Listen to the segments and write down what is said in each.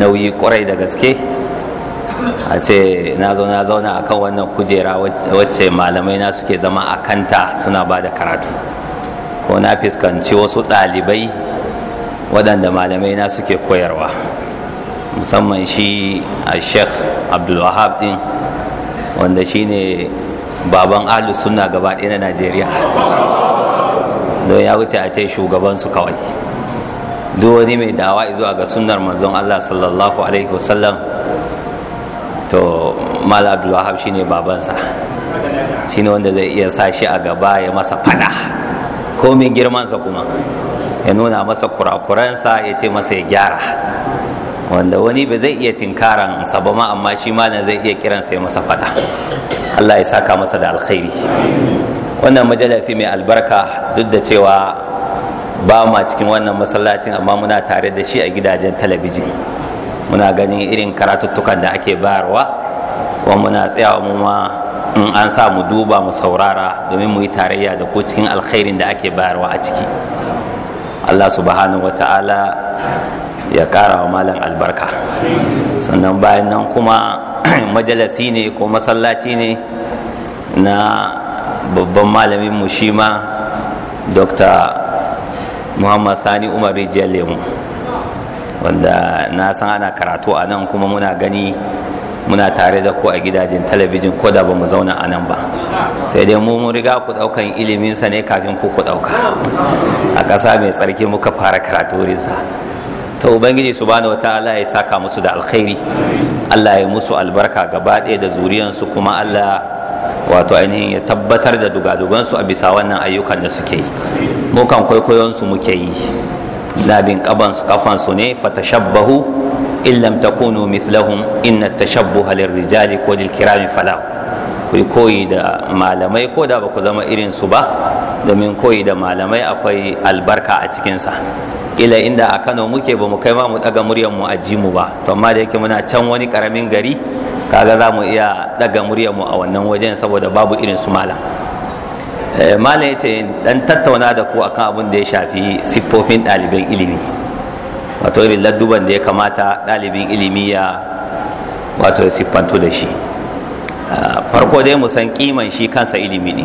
nauyi kwarai da gaske a ce na zo na zauna a kan wannan kujera wacce malamai na suke zama a kanta suna ba da karatu ko na fuskanci wasu ɗalibai waɗanda malamai na suke koyarwa musamman shi a sheikh abdulwahab ɗin wanda shi ne baban ahlus suna gaba ɗaya na najeriya don ya wuce a ce shugabansu kawai duk wani mai dawa zuwa ga sunnar manzon Allah sallallahu alaihi wasallam to mal abdulwahab shine babansa shine wanda zai iya sa a gaba ya masa fada ko mai girmansa kuma ya nuna masa kurakuransa ya ce masa ya gyara wanda wani ba zai iya tinkaran sa ba amma shi malam zai iya kiran ya masa fada Allah ya saka masa da alkhairi wannan majalisi mai albarka duk da cewa ba ma cikin wannan masallacin amma muna tare da shi a gidajen talabijin muna ganin irin karatuttukan da ake bayarwa kuma muna tsayawa mu ma in an sa mu duba mu saurara domin mu yi tarayya da ko cikin alkhairin da ake bayarwa a ciki Allah subhanahu wa ta'ala ya kara wa malam albarka sannan bayan nan kuma majalasi ne ko masallaci ne na babban malamin mu shi ma dr muhammad sani umar rijiyar lemu wanda na san ana karatu a nan kuma muna gani muna tare da ku a gidajen talabijin ko da ba mu zauna a nan ba sai dai mu mun riga ku daukan iliminsa ne kafin ku ku dauka a ƙasa mai tsarki muka fara karatu sa ta ubangiji subhanahu wataala ya saka musu da alkhairi allah ya musu albarka gaba ɗaya da zuriyansu kuma allah wato ainihin ya tabbatar da dugadugansu a bisa wannan ayyukan da suke yi mukan kwaikwayonsu muke yi labin kabansu kafansu ne fatashabbahu in lam takunu mithlahum inna tashabbuha lirrijali ko lilkirami fala ku koyi da malamai ko da ba ku zama irin su ba domin koyi da malamai akwai albarka a cikinsa ila inda a kano muke ba mu kai ma mu daga muryar mu a ji ba to amma da yake muna can wani karamin gari kaga za mu iya daga murya mu a wannan wajen saboda babu irin su malam eh, malam ya ce dan tattauna da ku akan abin da ya shafi siffofin ɗaliban ilimi wato irin ladduban da ya kamata ɗalibin ilimi ya wato ya siffantu da shi ah, farko dai mu san kiman shi kansa ilimi ne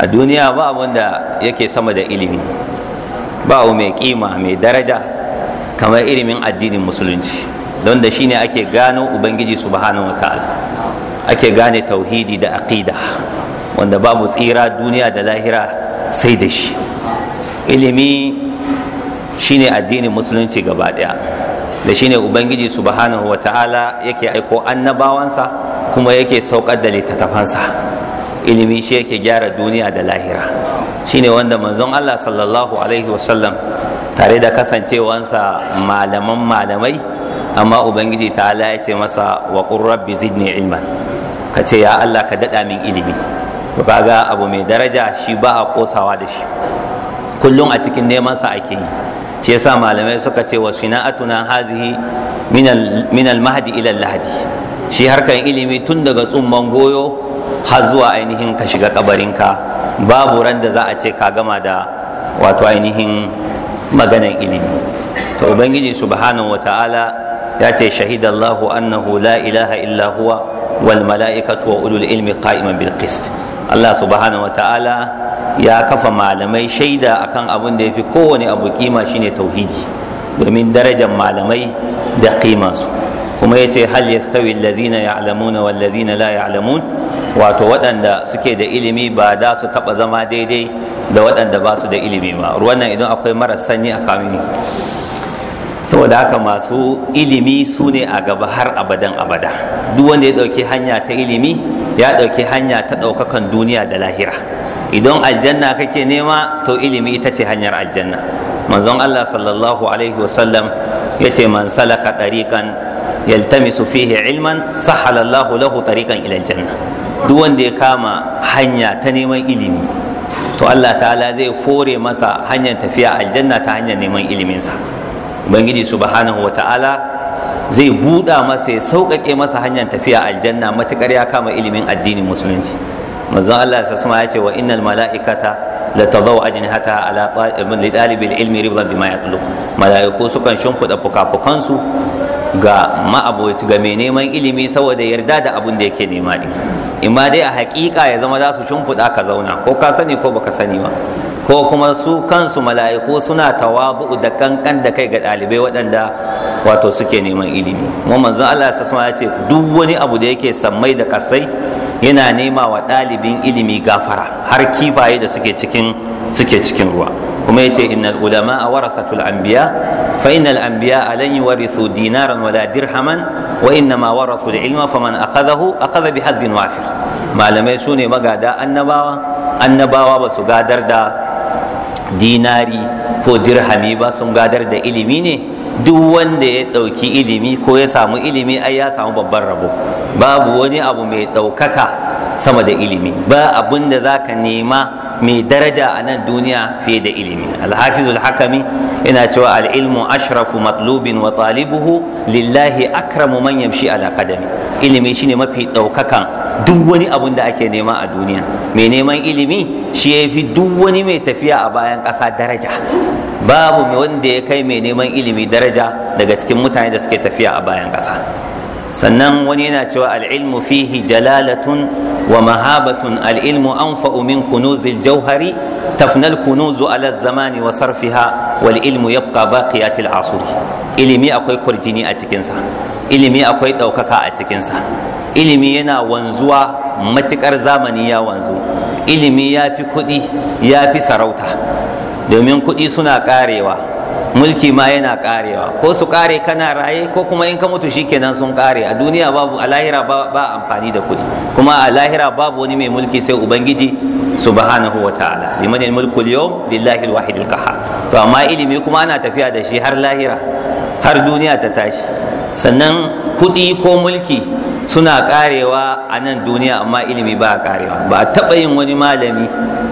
a duniya ba abin da yake sama da ilimi ba mai kima mai daraja kamar ilimin addinin musulunci don da shi ne ake gano ubangiji subhanahu wataala ake gane tauhidi da aqida wanda babu tsira duniya da lahira sai da shi ilimi shi ne addinin musulunci gaba ɗaya da ne ubangiji subhanahu wataala yake aiko annabawansa kuma yake saukar da littattafansa ilimi shi yake gyara duniya da lahira Shi ne wanda manzon Allah sallallahu alaihi wasallam tare da kasancewansa malaman malamai amma ubangiji ta ya ce masa wa rabbi zidni ilman ka ce ya Allah ka daɗa min ilimi to ga abu mai daraja shi ba a kosawa da shi kullum a cikin neman sa ake yi shi yasa malamai suka ce wa sina'atuna hazihi min al-mahdi ila al shi harkar ilimi tun daga tsumman goyo har zuwa ainihin ka shiga kabarinka babu ran da za a ce ka gama da wato ainihin maganan ilimi Ta ubangiji subhanahu wata'ala ya ce shahidallahu annahu la ilaha illa huwa wal mala'ikatu wa ulul ilmi qa'iman bil qist Allah subhanahu wa ta'ala ya kafa malamai shaida akan abin da yafi kowane abu kima shine tauhidi domin darajar malamai da kima su kuma yace hal yastawi allazina ya'lamuna wal ladzina la ya'lamun wato waɗanda suke da ilimi ba za su taba zama daidai da waɗanda ba su da ilimi ba ruwan nan idan akwai marar sanyi a kamini saboda haka masu ilimi su ne a gaba har abadan abada duk wanda ya ɗauki hanya ta ilimi ya ɗauki hanya ta ɗaukakan duniya da lahira idan aljanna kake nema to ilimi ita ce hanyar aljanna manzon Allah sallallahu alaihi wasallam ya ce man salaka ɗariƙan yaltamisu fihi ilman sahala lahu tariqan ila janna duk wanda ya kama hanya ta neman ilimi to Allah ta'ala zai fore masa hanyar tafiya aljanna ta hanyar neman iliminsa ubangiji subhanahu wataala zai buɗa masa ya sauƙaƙe masa hanyar tafiya aljanna matuƙar ya kama ilimin addinin musulunci manzon Allah ya sasuma ya ce wa innal mala'ikata la tadau ajnihata ala li ilmi riban bima yatlub mala'iku sukan shimfida fukafukansu ga ma'aboci ga mai neman ilimi saboda yarda da abin da yake nema in imma dai a hakika ya zama za su shimfiɗa ka zauna ko ka sani ko baka sani ba ko kuma su kansu mala'iku suna tawabu da kankan da kai ga ɗalibai waɗanda wato suke neman ilimi kuma manzon Allah ya ce duk wani abu da yake sammai da kasai yana nema wa ɗalibin ilimi gafara har kifaye da suke cikin suke cikin ruwa kuma yace innal ulama warathatul anbiya fa innal anbiya lan yuwarithu dinaran wala dirhaman wa innama warasul ilma faman akhadhahu akhadha bi wafir malamai sune magada annabawa annabawa ba su gadar da dinari ko dirhami ba sun gadar da ilimi ne duk wanda ya ɗauki ilimi ko ya samu ilimi ai ya samu babban rabo babu wani abu mai ɗaukaka sama da ilimi ba abin da za ka nema mai daraja a nan duniya fiye da ilimi alhafiz alhakami yana cewa al'ilmu ashrafu matlubin wa talibuhu lillahi akramu man yamshi ala qadami ilimi shine mafi daukakan duk wani abun da ake nema a duniya mai neman ilimi shi ya fi duk wani mai tafiya a bayan ƙasa daraja babu wanda ya kai mai neman ilimi daraja daga cikin mutane da suke tafiya a bayan ƙasa sannan wani yana cewa al'ilmu fihi jalalatun wa mahabatun al'ilmu anfa'u min kunuzil jauhari tafnal kunuzu ala zamani wa sarfiha wal ilmu yabqa baqiyatil asuri ilimi akwai kurjini a cikinsa ilimi akwai ɗaukaka a cikinsa ilimi yana wanzuwa matuƙar zamani ya wanzu ilimi ya fi kuɗi ya fi sarauta domin kuɗi suna ƙarewa mulki ma yana karewa ko su kare kana raye ko kuma in ka mutu shi kenan sun kare a duniya babu a lahira ba amfani da kuɗi kuma a lahira babu wani mai mulki sai ubangiji subhanahu wa ta'ala liman mulku al-yawm lillahi al-wahid al-qahhar to amma ilimi kuma ana tafiya da shi har lahira har duniya ta tashi sannan kuɗi ko mulki suna karewa a nan duniya amma ilimi ba karewa ba taɓa yin wani malami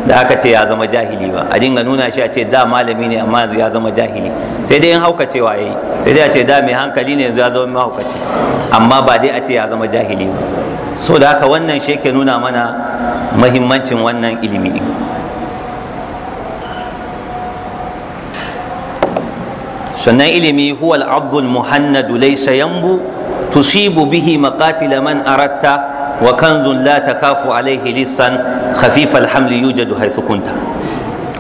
da aka ce ya zama jahili ba a dinga nuna shi a ce da malami ne amma yanzu ya zama jahili sai dai in haukacewa yayi sai dai a ce da mai hankali ne yanzu ya zama mahaukaci amma ba dai a ce ya zama jahili ba so da haka wannan shi ke nuna mana mahimmancin wannan ilimi din sannan ilimi Huwal abdul muhannadu laysa yanbu tusibu bihi maqatila man aratta wa kanzun la takafu alaihi lisan khafifal hamli yujadu haythu kunta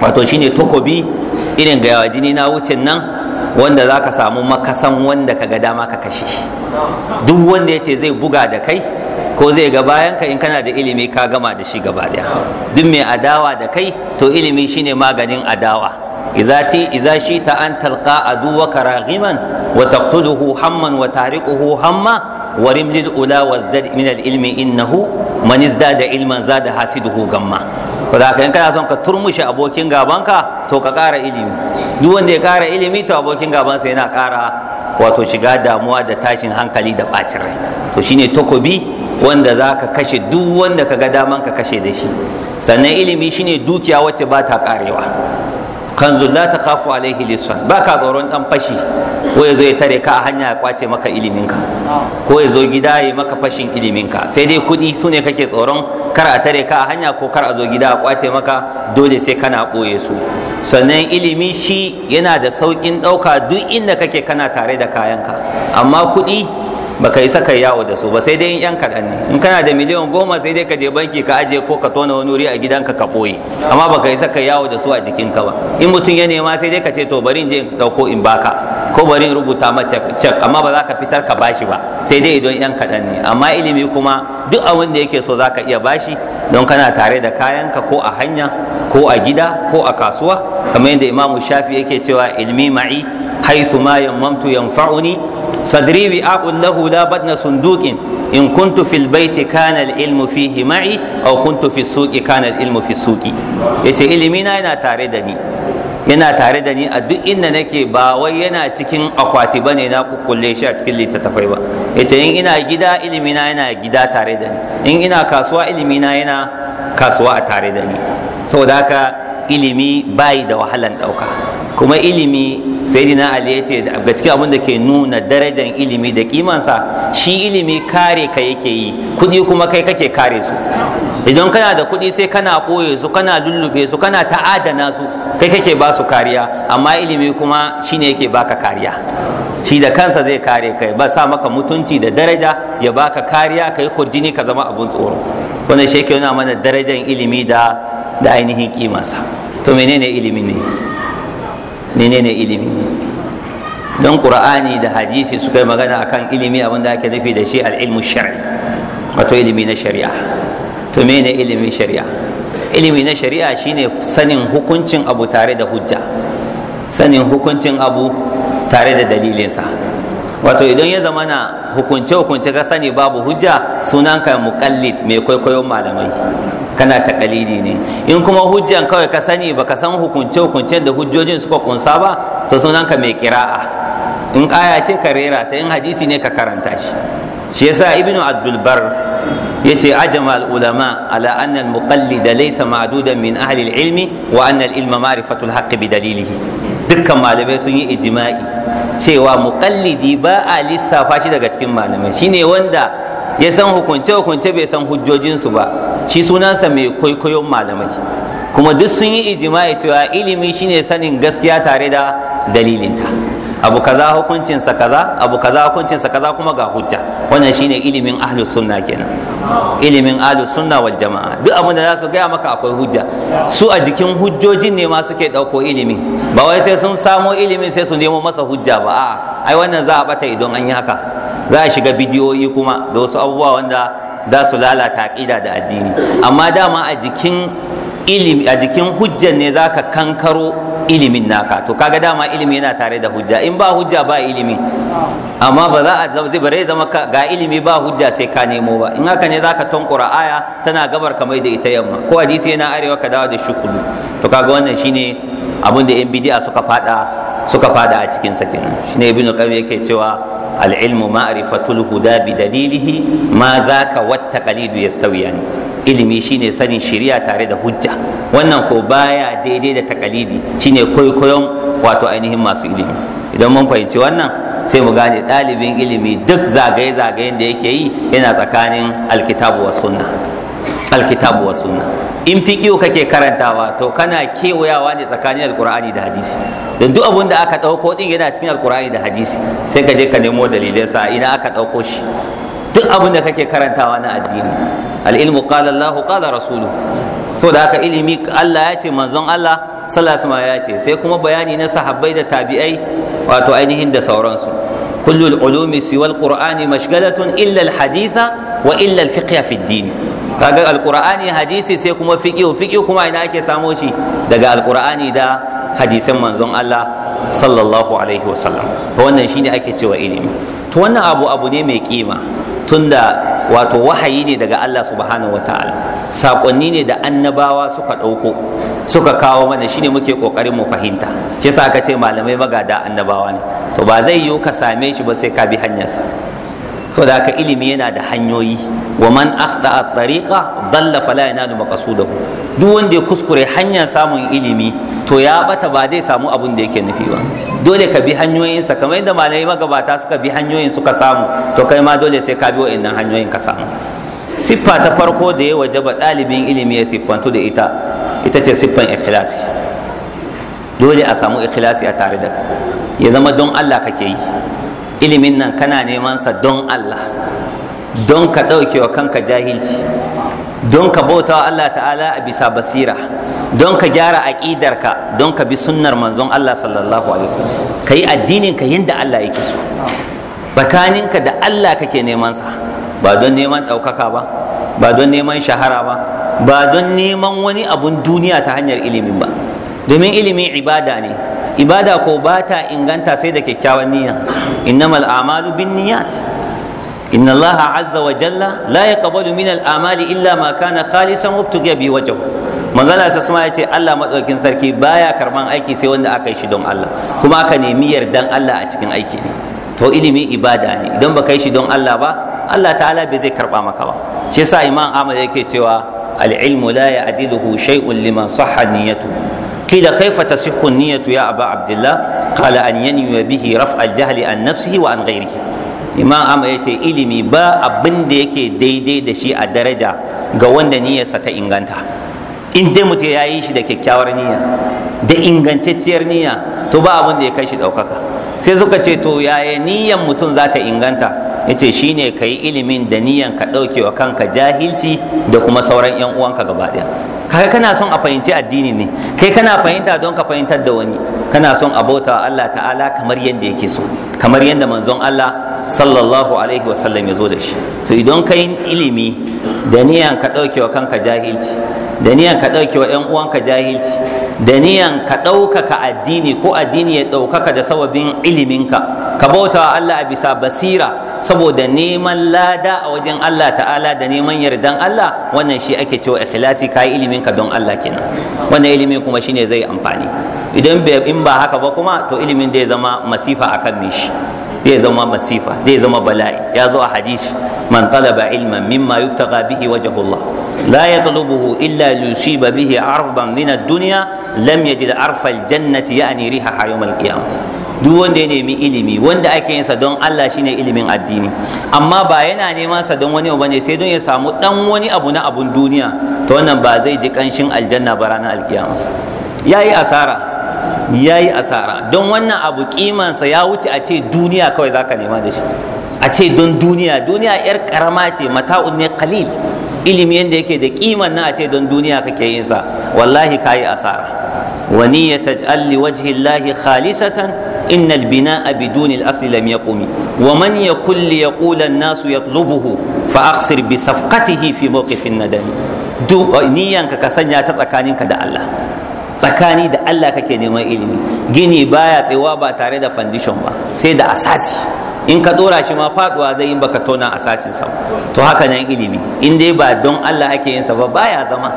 wato shine takobi irin ga yawa jini na wucin nan wanda za ka samu makasan wanda ka ga dama ka kashe duk wanda ya ce zai buga da kai ko zai ga bayan ka in kana da ilimi ka gama da shi gaba daya duk mai adawa da kai to ilimi shine maganin adawa izati izashi shi ta an talqa aduwaka raghiman wa taqtuluhu hamman wa tariquhu hamma ورم للأولى وازدد من العلم إنه da ازداد علما gamma. حاسده غما ولكن kana son ka turmushe abokin gabanka to ka ƙara ilimi duk wanda ya ƙara ilimi to abokin gabansa yana ƙara wato shiga damuwa da tashin hankali da ɓacin rai to shine takobi wanda za ka kashe duk wanda ka ga daman ka kashe da shi sannan ilimi shine dukiya wacce ba ta ƙarewa kanzu la ta kafu alaihi lisan ba ka tsoron dan fashi ko ya zo ya tare ka a hanya ya kwace maka iliminka ko ya zo gida ya maka fashin iliminka sai dai kuɗi su ne kake tsoron kar a tare ka a hanya ko kar a zo gida a kwace maka dole sai kana ɓoye su sannan ilimi shi yana da sauƙin ɗauka duk inda kake kana tare da kayanka amma kuɗi baka isa kai yawo da su ba sai dai in yan kaɗan ne in kana da miliyan goma sai dai ka je banki ka aje ko ka tona wani wuri a gidanka ka ɓoye amma baka isa kai yawo da su a jikinka ba in mutum ya nema sai dai ka ce to bari in je in ɗauko in baka ko bari in rubuta mata cek amma ba za ka fitar ka bashi ba sai dai idan yan kaɗan ne amma ilimi kuma duk abin da yake so za ka iya bashi don kana tare da kayanka ko a hanya ko a gida ko a kasuwa kamar yadda imamu shafi yake cewa ilmi ma'i haithu ma yammamtu yanfa'uni sadri bi aqul lahu la badna sunduqin in kuntu fil baiti kana al ilmu fihi ma'i aw kuntu fi suqi kana al ilmu fi suqi yace ilimi na yana tare da ni yana tare da ni a duk inda nake ba wai yana cikin akwati ba ne na kukkulle shi a cikin littattafai ba yace in ina gida ilimina yana gida tare da ni in ina kasuwa ilimina yana kasuwa a tare da ni saboda haka ilimi bayi da wahalan ɗauka kuma ilimi sayyidina ali ya ce ga cikin abin da ke nuna darajar ilimi da kimansa shi ilimi kare ka yake yi kuɗi kuma kai kake kare su idan kana da kuɗi sai kana koye su kana lullube su kana ta'adana su kai kake ba su kariya amma ilimi kuma shi ne yake baka kariya shi da kansa zai kare kai ba sa maka mutunci da daraja ya baka kariya kai kurjini ka zama abun tsoro wannan shi yake nuna mana darajar ilimi da da ainihin kimansa to menene ilimi ne menene ilimi don qur'ani da hadisi suka yi magana akan ilimi abinda ake nufi da shi al-ilmu shar'i wato ilimi na shari'a to menene ilimi shari'a ilimi na shari'a shine sanin hukuncin abu tare da hujja sanin hukuncin abu tare da dalilinsa wato idan ya zama na hukunce hukunce ka sani babu hujja sunanka muqallid mai kwaikwayon malamai kana takalidi ne in kuma hujjan kawai ka sani baka san hukunce hukuncen da hujjojin suka kunsa ba to sunanka mai kira'a in aya ce ka rera ta in hadisi ne ka karanta shi shi yasa ibnu abdul bar yace ajma al ulama ala anna al muqallid laysa ma'dudan min ahli al ilmi wa anna al ilma ma'rifatu al haqq bi dalilihi dukkan malamai sun yi ijma'i cewa mukallidi ba a lissafa shi daga cikin malamai shine wanda ya san hukunce-hukunce bai san hujjojinsu ba shi sunansa mai kwaikwayon malamai kuma duk sun yi ijimai cewa ilimi shine sanin gaskiya tare da dalilinta abu kaza hukuncinsa kaza abu kaza hukuncinsa kaza kuma ga hujja wannan shine ilimin ahlus sunna kenan ilimin ahlus sunna wal jama'a duk abin da za su gaya maka akwai hujja su a jikin hujjojin ne ma suke dauko ilimi ba wai sai sun samo ilimin sai su nemo masa hujja ba a'a ai wannan za a bata idan an yi haka za a shiga bidiyoyi kuma da wasu abubuwa wanda za su lalata aƙida da addini amma dama a jikin ilimi a jikin hujjan ne zaka kankaro ilimin naka to kaga dama ilimi yana tare da hujja in ba hujja ba ilimi amma ba za a zama zai zama ga ilimi ba hujja sai ka nemo ba in haka ne zaka tankura aya tana gabar kamar da ita yamma ko hadisi yana arewa ka dawo da shukulu to kaga wannan shine abin da yan bidi'a suka fada suka fada a cikin sa kenan shine ibnu qayyim yake cewa al-ilmu ma'rifatul huda bi dalilihi ma zaka watta qalidu yastawiyan ilimi shine sanin shari'a tare da hujja wannan ko baya daidai da takalidi shine kwaikwayon wato ainihin masu ilimi idan mun fahimci wannan sai mu gane ɗalibin ilimi duk zagaye-zagayen da yake yi yana tsakanin alkitabu wa sunna alkitabu wa sunna in fiqihu kake karantawa to kana kewayawa ne tsakanin alqur'ani da hadisi don duk abun da aka ɗauko din yana cikin alqur'ani da hadisi sai ka je ka nemo dalilai sa ina aka ɗauko shi duk abun da kake karantawa na addini al-ilmu qala Allah Rasulu, so da haka ilimi Allah ya ce manzon Allah sallallahu alaihi ya ce sai kuma bayani na sahabbai da tabi'ai wato ainihin da sauransu kullu al-ulumi siwa al-qur'ani illal hadisa, wa illa al-fiqh fi din kaga al hadisi sai kuma fiqh fiqh kuma ina ake samo shi daga al da hadisan manzon Allah sallallahu alaihi wasallam to wannan shine ake cewa ilimi to wannan abu abu ne mai ƙima. tunda wato wahayi ne daga Allah subhanahu wataala sakonni ne da annabawa suka ɗauko suka kawo mana shine muke ƙoƙarin mu fahimta shi sa aka ce malamai magada annabawa ne to ba zai yiwu ka same shi ba sai ka bi hanyarsa da haka ilimi yana da hanyoyi wa man akhda at-tariqa dalla fala yanalu maqsudahu duk wanda ya kuskure hanyar samun ilimi to ya bata ba zai samu abin da yake nufi ba dole ka bi hanyoyinsa kamar yadda malamai magabata suka bi hanyoyin suka samu to kai ma dole sai ka bi wa'annan hanyoyin ka samu siffa ta farko da ya wajaba ɗalibin ilimi ya siffantu da ita ita ce siffan ikhlasi dole a samu ikhlasi a tare da ka ya zama don Allah kake yi ilimin nan kana neman sa don Allah don ka ɗauke wa kanka jahilci don ka bauta wa Allah ta'ala a bisa basira don ka gyara aƙidarka don ka bi sunnar manzon Allah sallallahu alaihi wasallam ka yi addinin ka yadda Allah yake so tsakaninka da Allah kake neman sa ba don neman ɗaukaka ba ba don neman shahara ba ba don neman wani abun duniya ta hanyar ilimi ba domin ilimi ibada ne ibada ko ba ta inganta sai da kyakkyawan niyya innamal a'malu bin niyyat azza wa jalla? La yaqbalu min al amali illa ma kana khalisan وابتغي bi وجهه manzala ذا سسما yace Allah madaukin Sarki baya karban aiki sai wanda aka yi shi don Allah kuma aka nemi yardan Allah a cikin aiki ne to ilimi ibada ne idan ba yi shi don Allah ba Allah ta'ala bai zai karba maka ba shi yasa imam Ahmad yake cewa al-ilmu la ya'diduhu shay'un liman sahha niyyatu kida kaifa tasihhu niyyatu ya aba abdullah qala an yanwi bihi raf' al-jahli an nafsihi wa an ghairihi imam Ahmad yace ilimi ba abin da yake daidai da shi a daraja ga wanda niyyarsa ta inganta in dai mutum ya yi shi da kyakkyawar niyya da ingantacciyar niyya to ba abin da ya kai shi ɗaukaka sai suka ce to yaya niyyar mutum za ta inganta yace shine kai ilimin da niyan ka dauke wa kanka jahilci da kuma sauran yan uwanka gaba daya kai kana son a fahimci addini ne kai kana fahimta don ka fahimtar da wani kana son a bauta wa Allah ta'ala kamar yadda yake so kamar yadda manzon Allah sallallahu alaihi wasallam ya zo da shi to idan ka ilimi da niyan ka dauke wa kanka jahilci da niyan ka dauke wa yan uwanka jahilci da niyan ka ɗaukaka addini ko addini ya ɗaukaka da sababin iliminka ka bauta Allah a bisa basira saboda neman lada a wajen Allah ta'ala da neman yardan Allah wannan shi ake cewa ikhlasi kai iliminka don Allah kenan wannan ilimin kuma shine zai amfani idan in ba haka ba kuma to ilimin zai zama masifa akan mishi zai zama masifa zai zama bala'i ya zo a hadisi man talaba ilman mimma yubtaga bihi wajhullah la yatlubuhu illa liyusiba bihi ardan min ad-dunya lam yajid arfal jannati ya'ni riha yawmal qiyamah duk wanda ya nemi ilimi wanda ake yin sa don Allah shine ilimin addini amma ba yana neman sa don wani bane sai don ya samu dan wani abu na abun duniya to wannan ba zai ji kanshin aljanna ba ranar alkiyama yayi asara yayi asara don wannan abu kimansa ya wuce a ce duniya kawai zaka nema da shi a ce don duniya duniya yar karama ce mata'un ne qalil ilimi yanda yake da kiman nan a ce don duniya kake yin sa wallahi kayi asara wa niyyata alli wajhi llahi khalisatan innal bina'a biduni al-asli lam yaqum wa man yakul li yaqula an-nasu yatlubuhu fa aqsir bi safqatihi fi mawqifin nadami duk niyyanka ka sanya ta tsakaninka da Allah tsakani da Allah kake neman ilimi gini baya tsewa ba tare da foundation ba sai da asasi in ka dora shi ma faduwa zai yi baka tona asasin sa to haka nan ilimi in dai ba don Allah ake yin sa ba baya zama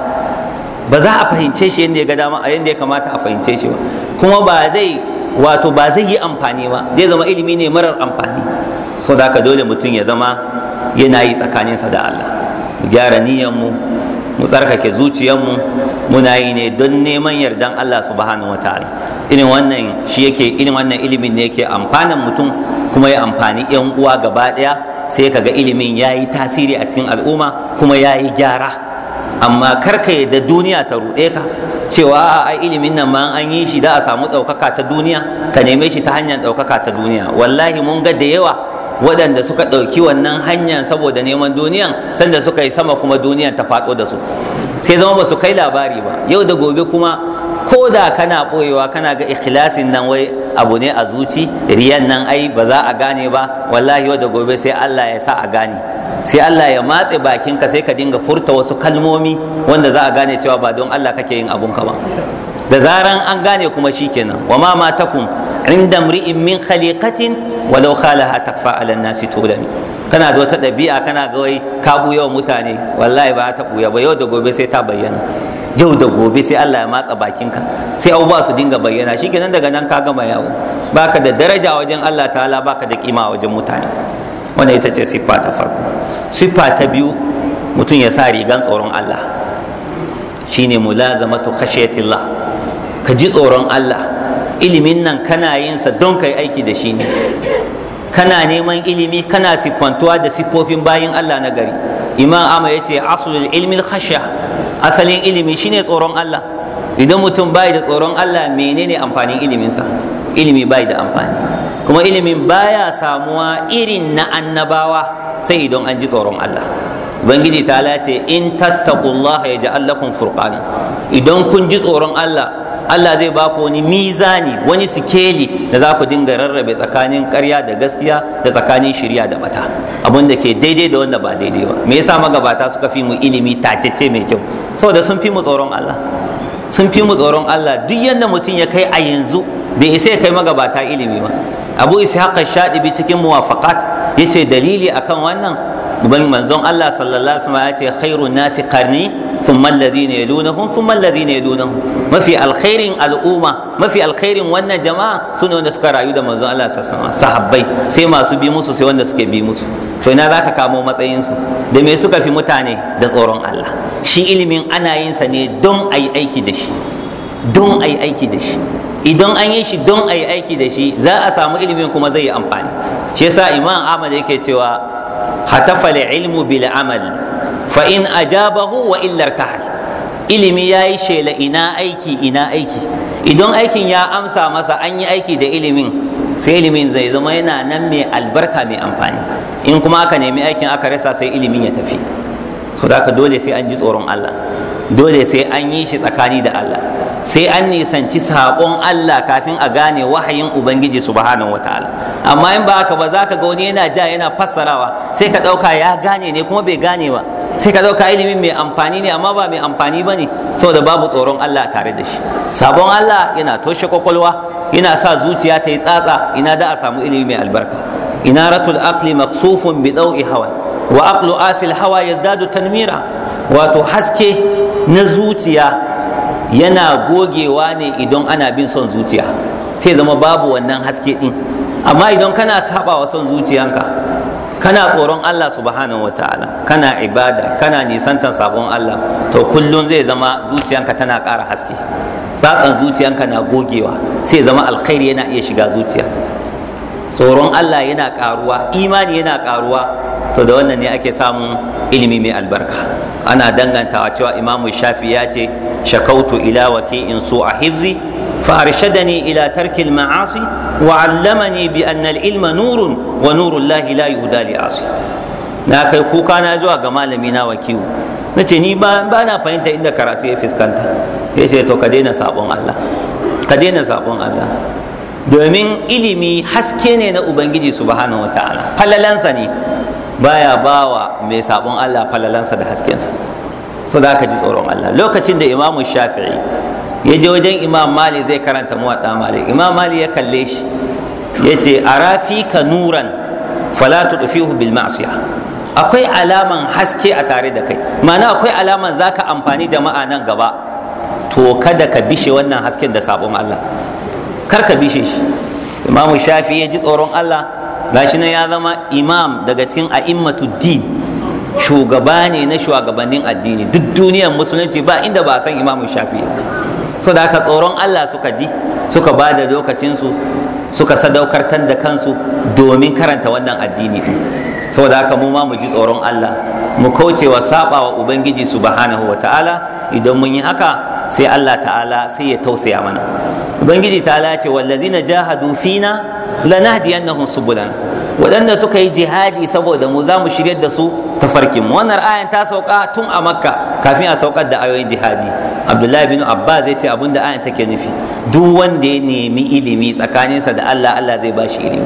ba za a fahimce shi yadda ya ga dama a yadda ya kamata a fahimce shi ba kuma ba zai wato ba zai yi amfani ba zai zama ilimi ne marar amfani so da haka dole mutum ya zama yana yi tsakaninsa da Allah mu gyara niyyar mu mu tsarkake zuciyarmu muna yi ne don neman yardan Allah subhanahu wataala irin wannan shi yake irin wannan ilimin ne yake amfanan mutum kuma ya amfani yan uwa gaba daya sai kaga ilimin yayi tasiri a cikin al'umma kuma yayi gyara amma karka da duniya ta ruɗe ka cewa a ilimin nan ma an yi shi da a samu ɗaukaka ta duniya ka neme shi ta hanyar ɗaukaka ta duniya wallahi mun ga da yawa waɗanda suka ɗauki wannan hanyar saboda neman duniyan sanda suka yi sama kuma duniyan ta faɗo da su sai zama ba su kai labari ba yau da gobe kuma ko da kana ɓoyewa kana ga ikhlasin nan wai abu ne a zuci riyan nan ai ba za a gane ba wallahi yau da gobe sai Allah ya sa a gane sai Allah ya matse bakinka sai ka dinga furta wasu kalmomi wanda za a gane cewa ba don Allah kake yin abunka ba da zaran an gane kuma shikenan wa ma matakum inda mri'in min khaliqatin walau khalaha takfa ala nasi tulami kana da wata ɗabi'a kana gawai ka buya wa mutane wallahi ba ta buya ba yau da gobe sai ta bayyana yau da gobe sai Allah ya matsa bakinka sai abubuwa su dinga bayyana shikenan daga nan ka gama yawo baka da daraja wajen Allah ta'ala baka da kima wajen mutane wannan ita ce siffa ta farko siffa ta biyu mutum ya sa rigan tsoron Allah shine mulazamatu khashiyatillah ka ji tsoron Allah ilimin nan kana yinsa don kai aiki da shi ne kana neman ilimi kana siffantuwa da siffofin bayin Allah na gari imam ama yace aslul ilmin khashya asalin ilimi shine tsoron Allah idan mutum bai da tsoron Allah menene amfanin iliminsa ilimi bai da amfani kuma ilimin baya samuwa irin na annabawa sai idan an ji tsoron Allah ubangiji ta ce in tattaqullaha yaj'al lakum furkani. idan kun ji tsoron Allah Allah zai ba ku wani mizani wani sikeli da za ku dinga rarrabe tsakanin karya da gaskiya da tsakanin shirya da bata abin da ke daidai da wanda ba daidai ba me yasa magabata suka fi mu ilimi tacece mai kyau saboda sun fi mu tsoron Allah sun fi mu tsoron Allah duk yadda mutum ya kai a yanzu bai isa ya kai magabata ilimi ba abu ishaq bi cikin muwafaqat yace dalili akan wannan ubangi manzon Allah sallallahu alaihi wasallam ya ce khairun nasi qarni thumma alladhina yalunahum thumma alladhina yalunahum mafi alkhairin al'umma mafi alkhairin wannan jama'a sune wanda suka rayu da manzon Allah sallallahu alaihi wasallam sahabbai sai masu bi musu sai wanda suke bi musu to ina zaka kamo matsayin su da me suka fi mutane da tsoron Allah shi ilimin ana yin sa ne don ayi aiki da shi don ayi aiki da shi idan an yi shi don ayi aiki da shi za a samu ilimin kuma zai yi amfani shi yasa imam Ahmad yake cewa hatafa ilmu bil amali fa in ajabahu wa illar tahal ilimi ya yi shela ina aiki ina aiki idan aikin ya amsa masa an yi aiki da ilimin sai ilimin zai zama yana nan mai albarka mai amfani in kuma aka nemi aikin aka rasa sai ilimin ya tafi so da dole sai an ji tsoron Allah dole sai an yi shi tsakani da Allah sai an nisanci saƙon Allah kafin a gane wahayin Ubangiji subhanahu wataala amma in ba haka ba za ka ga wani yana ja yana fassarawa sai ka ɗauka ya gane ne kuma bai gane ba sai ka ɗauka ilimin mai amfani ne amma ba mai amfani ba ne saboda babu tsoron Allah tare da shi sabon Allah yana toshe kwakwalwa yana sa zuciya ta yi tsatsa ina da a samu ilimi mai albarka inaratul aqli maqsufun bi dau'i hawan wa aqlu asil hawa yazdadu tanmira wato haske na zuciya yana gogewa ne idan ana bin son zuciya sai zama babu wannan haske din amma idan kana saba wa son zuciyanka kana tsoron Allah subhanahu wataala kana ibada kana nisantan sabon Allah to kullum zai zama zuciyanka tana ƙara haske sakan zuciyanka na gogewa sai zama alkhairi yana iya shiga zuciya tsoron Allah yana ƙaruwa imani yana ƙaruwa to da wannan ne ake samun ilimi mai albarka ana dangantawa cewa imamu shafi ya ce shakautu ila waki waki'in su'a hizzi فأرشدني إلى ترك المعاصي وعلمني بأن العلم نور nurun الله لا يهدى لعاصي na kai kuka na zuwa ga malami na wakiwu na ce ni ba na fahimta inda karatu ya fuskanta ya to ka daina sabon Allah ka daina sabon Allah domin ilimi haske ne na ubangiji subhanahu wataala falalansa ne baya bawa mai sabon Allah falalansa da haskensa so za ka ji tsoron Allah lokacin da imamu shafi'i ya je wajen imam mali zai karanta muwaɗa mali imam mali ya kalle shi ya ce a rafi ka nuran falatu tufihu bil ma'asiya akwai alaman haske a tare da kai ma'ana akwai alaman za ka amfani jama'a nan gaba to kada ka bishe wannan hasken da sabon Allah kar ka bishe shi imamu shafi'i ya ji tsoron Allah gashi nan ya zama imam daga cikin a'immatu din shugaba ne na shugabannin addini duk duniyar musulunci ba inda ba san imamu shafi so da haka tsoron Allah suka ji suka ba da lokacinsu suka sadaukartar da kansu domin karanta wannan addini din saboda haka mu ma mu ji tsoron Allah mu kauce wa saba wa ubangiji subhanahu wa ta'ala idan mun yi haka sai Allah ta'ala sai ya tausaya mana ubangiji ta'ala ce wallazina jahadu fina lanahdiyannahum subulana waɗanda suka yi jihadi saboda mu za mu shiryar da su tafarkin mu wannan ayan ta sauka tun a makka kafin a saukar da ayoyin jihadi abdullahi bin abba zai ce abin da ayan take nufi duk wanda ya nemi ilimi tsakaninsa da allah allah zai ba shi ilimi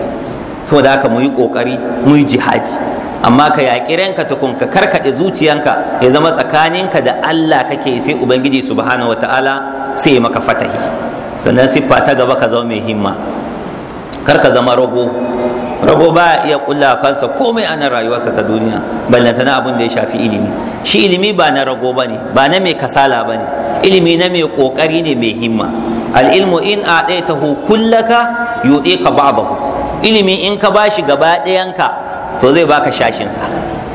saboda haka mu yi ƙoƙari mu yi jihadi amma ka yaƙi ranka tukun ka karkaɗe zuciyanka ya zama tsakaninka da allah kake sai ubangiji subhanahu wataala sai maka fatahi sannan siffa ta gaba ka zama mai himma kar ka zama rago rago ba iya kulla kansa komai ana rayuwarsa ta duniya ballanta na abin da ya shafi ilimi shi ilimi ba na rago ba ne ba na mai kasala ba ne ilimi na mai kokari ne mai himma al'ilmu in a ɗaya taho kullaka yuɗe ka ba ba ilimi in ka bashi gaba ɗayanka to zai baka shashinsa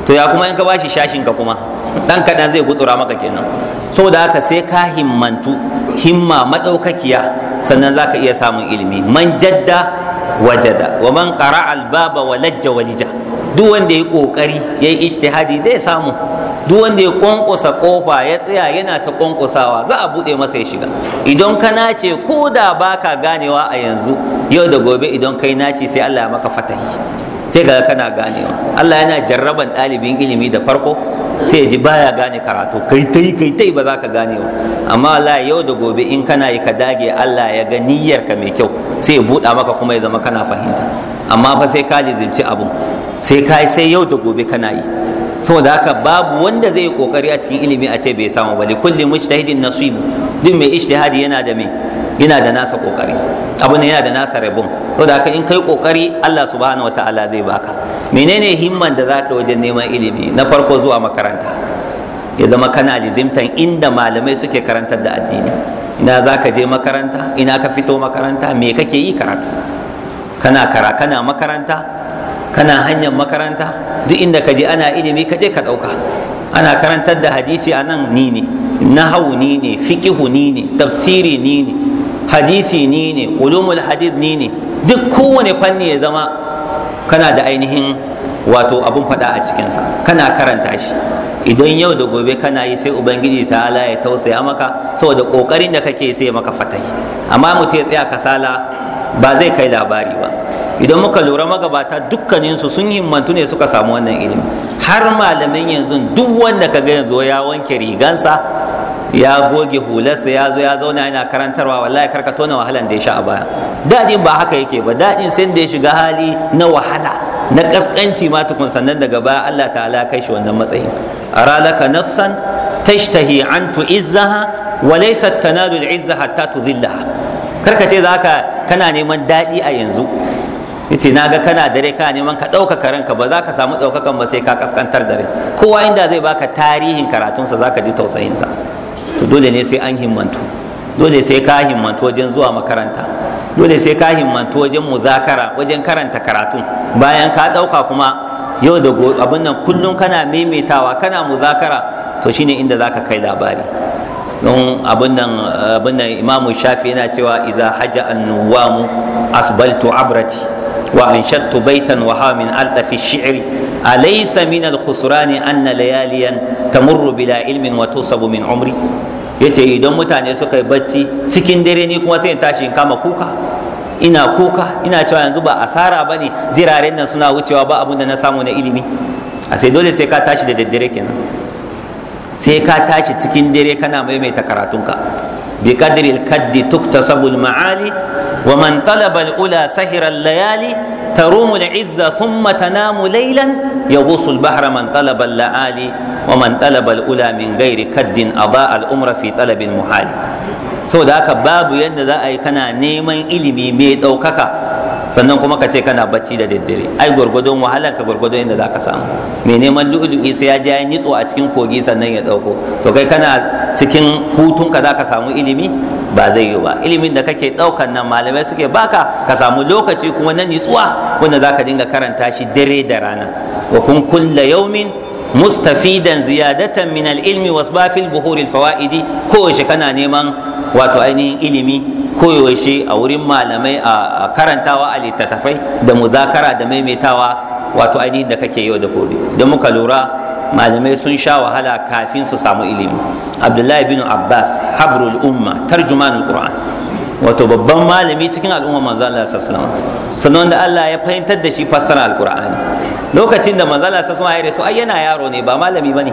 to ya kuma in ka bashi shashinka kuma ɗan kaɗan zai gutsura maka kenan saboda haka sai ka himmantu himma maɗaukakiya sannan za ka iya samun ilimi man jadda wajada wa man qara al baba wa lajja walija duk wanda ya kokari yayi ijtihadi zai samu duk wanda ya konkosa kofa ya tsaya yana ta konkosawa za a buɗe masa ya shiga idan ka nace ko da baka ganewa a yanzu yau da gobe idan kai nace sai Allah ya maka fatahi sai ga kana ganewa Allah yana jarraban ɗalibin ilimi da farko sai ji baya gane karatu kai tai kai tai ba za ka gane ba amma Allah yau da gobe in kana yi ka dage Allah ya ga ka mai kyau sai ya buɗa maka kuma ya zama kana fahimta amma fa sai ka lizimci abu sai ka sai yau da gobe kana yi saboda haka babu wanda zai yi kokari a cikin ilimi a ce bai samu ba li kulli mujtahidin nasibu duk mai ijtihadi yana da mai yana da nasa kokari abu ne yana da nasa rabon to da haka in kai kokari Allah subhanahu wataala zai baka menene himman da zaka wajen neman ilimi na farko zuwa makaranta ya zama kana lizimtan inda malamai suke karantar da addini ina zaka je makaranta ina ka fito makaranta me kake yi karatu kana kara kana makaranta kana hanyar makaranta duk inda ka je ana ilimi ka je ka dauka ana karantar da hadisi a nan ni ne nahawu ni ne fiqihu ni ne tafsiri ni ne hadisi ni ne ulumul hadith ni ne duk kowane fanni ya zama kana da ainihin wato abun faɗa a cikinsa kana karanta shi idan yau da gobe kana yi sai ubangiji ta ala ya tausaya maka saboda ƙoƙarin da kake sai maka fatai amma mutum ya tsaya kasala ba zai kai labari ba idan muka lura magabata dukkaninsu sun himmantu ne suka samu wannan ilimi har malamin yanzu duk wanda ka ga yanzu ya wanke rigansa ya goge hularsa ya zo ya zauna yana karantarwa wallahi karka tona wahalan da ya sha a baya dadin ba haka yake ba dadin sai da ya shiga hali na wahala na kaskanci ma tukun sannan daga baya Allah ta'ala kai shi wannan matsayin aralaka nafsan tashtahi an tu'izzaha wa laysat tanalu al'izza hatta tudhillaha karka ce zaka kana neman dadi a yanzu yace na ga kana dare kana neman ka ɗaukaka ranka ba za ka samu ɗaukakan ba sai ka kaskantar dare kowa inda zai baka tarihin karatunsa za ka ji tausayinsa to dole ne sai an himmantu dole sai ka himmantu wajen zuwa makaranta dole sai ka himmantu wajen muzakara wajen karanta karatu. bayan ka ɗauka kuma yau da gobe abin nan kullum kana maimaitawa kana muzakara to shine inda zaka kai labari don abin nan abin nan imamu shafi yana cewa iza haja annuwamu asbaltu abrati wa anshattu baitan wa min alta shi'ri Alai من الخسران khusrani anna layaliyan بلا bila ilmin من عمري umri yace idan mutane suka yi bacci cikin dare ni kuma sai in tashi in kama kuka ina kuka ina cewa yanzu ba asara ne jiraren nan suna wucewa ba abunda na samu na ilimi a sai dole sai ka tashi da daddare kenan sai ka tashi cikin dare kana maimaita karatunka bi qadri al-kaddi tuktasabu al-ma'ali wa man talaba al-ula sahira al-layali tarumu al-izza thumma tanamu laylan yaghusu al-bahra man talaba al-laali wa man talaba al-ula min ghairi kaddin Aba al-umra fi talab al-muhali saboda haka babu yadda za a yi kana neman ilimi mai ɗaukaka sannan kuma ka ce kana bacci da daddare ai gwargwadon wahalar ka gwargwadon inda zaka samu mai neman lu'lu'i sai ya je ya nitso a cikin kogi sannan ya dauko to kai kana cikin hutun ka zaka samu ilimi ba zai yi ba ilimin da kake daukan nan malamai suke baka ka samu lokaci kuma na nitsuwa wanda zaka dinga karanta shi dare da rana wa kun kulla yaumin mustafidan ziyadatan min al-ilmi wasba fil fawaidi ko kana neman wato ainihin ilimi koyaushe a wurin malamai a karantawa a littattafai da muzakara da maimaitawa wato ainihin da kake yau da gobe Da muka lura malamai sun sha wahala kafin su samu ilimi abdullahi bin abbas habrul umma tarjumanul qur'an wato babban malami cikin al'umma manzo Allah sallallahu alaihi wasallam sannan da Allah ya fahimtar da shi fassara alqur'ani lokacin da manzala sa sun ya ai yana yaro ne ba malami bane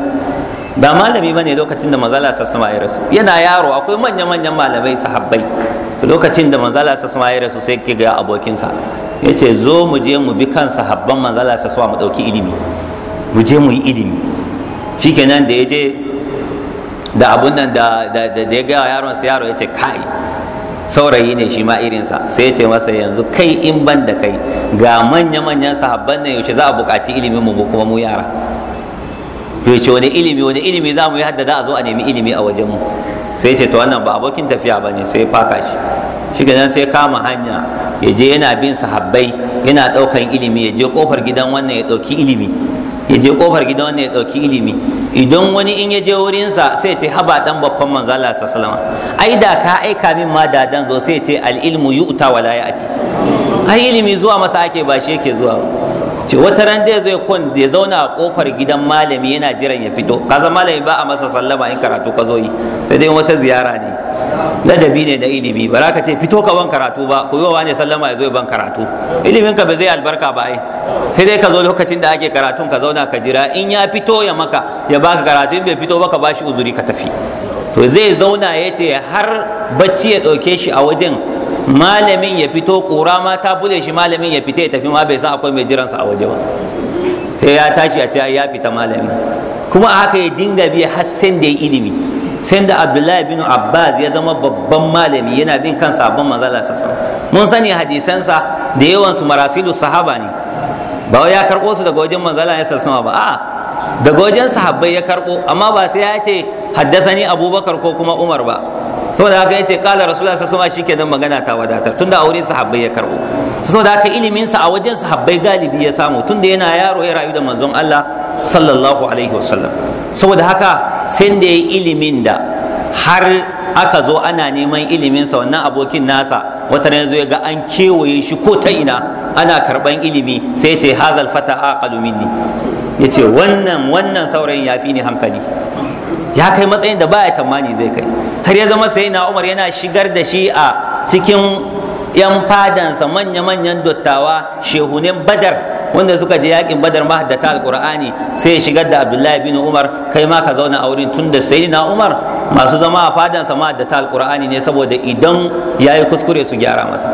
ba malami bane lokacin da manzala sa sun ya yana yaro akwai manyan manyan malamai sahabbai to lokacin da manzala sa sun ya sai ke ga abokinsa yace zo mu je mu bi kan sahabban manzala sa sama mu dauki ilimi mu je mu yi ilimi shikenan da ya je da abun nan da ya ga yaron sa yaro yace kai saurayi ne shi ma irinsa sai ce masa yanzu kai in ban da kai ga manya-manyan sahabban nan yaushe za a buƙaci iliminmu mu kuma mu yara ya ce wani ilimi wani ilimi za mu yi haddada a zo a nemi ilimi a wajenmu sai ce to wannan ba abokin tafiya ba ne sai faka shi shi nan sai kama hanya ya je yana bin sahabbai yana ɗaukan ilimi ya je kofar gidan wannan ya ɗauki ilimi ya je kofar gidan wannan ya ɗauki ilimi idan wani in ya je wurinsa sai ce haba dan babban manzo Allah sallallahu ai da ka aika min ma da dan zo sai ce al ilmu yu'ta wala ya'ti ai ilimi zuwa masa ake ba shi yake zuwa ce wata ran zai kun ya zauna a kofar gidan malami yana jiran ya fito kaza malami ba a masa sallama in karatu ka zo yi sai dai wata ziyara ne ladabi ne da ilimi ba za ka ce fito ka ban karatu ba ku yi wa ne sallama ya zo ban karatu ilimin ka ba zai albarka ba ai sai dai ka zo lokacin da ake karatun ka zauna ka jira in ya fito ya maka ya baka karatu in bai fito ba ka bashi uzuri ka tafi to zai zauna ya ce har bacci ya ɗauke shi a wajen malamin ya fito ƙura ma ta bude shi malamin ya fita ya tafi ma bai san akwai mai jiransa a waje ba sai ya tashi a ce ya fita malamin kuma a haka ya dinga biya har sai da ilimi sai da abdullahi bin abbas ya zama babban malami yana bin kan sabon manzala sassan mun sani hadisansa da yawansu marasilu sahaba ne ba ya karɓo su daga wajen manzala ya sassama ba a'a daga wajen sahabbai ya karbo amma ba sai ya ce ni abubakar ko kuma umar ba saboda haka ya ce yace qala rasulullahi shi ke wasallam magana ta wadatar tunda a wurin sahabbai ya karɓo saboda haka ilimin sa a wajen sahabbai galibi ya samu tunda yana yaro ya rayu da manzon Allah sallallahu alaihi wasallam saboda haka sai da yayi ilimin da har aka zo ana neman ilimin sa wannan abokin nasa wata ne zo ya ga an kewaye shi ko ta ina ana karban ilimi sai ce hazal fata aqalu minni yace wannan wannan saurayin ya fi ni hankali ya kai matsayin da baya tamani zai kai har ya zama sai na umar yana shigar da shi a cikin yan fadansa manya-manyan dottawa shehunen badar wanda suka je yakin badar ma da alqur'ani sai ya shigar da abdullahi bin umar kai ma ka zauna a wurin tun da sai na umar masu zama a fadansa ma da alqur'ani ne saboda idan ya yi kuskure su gyara masa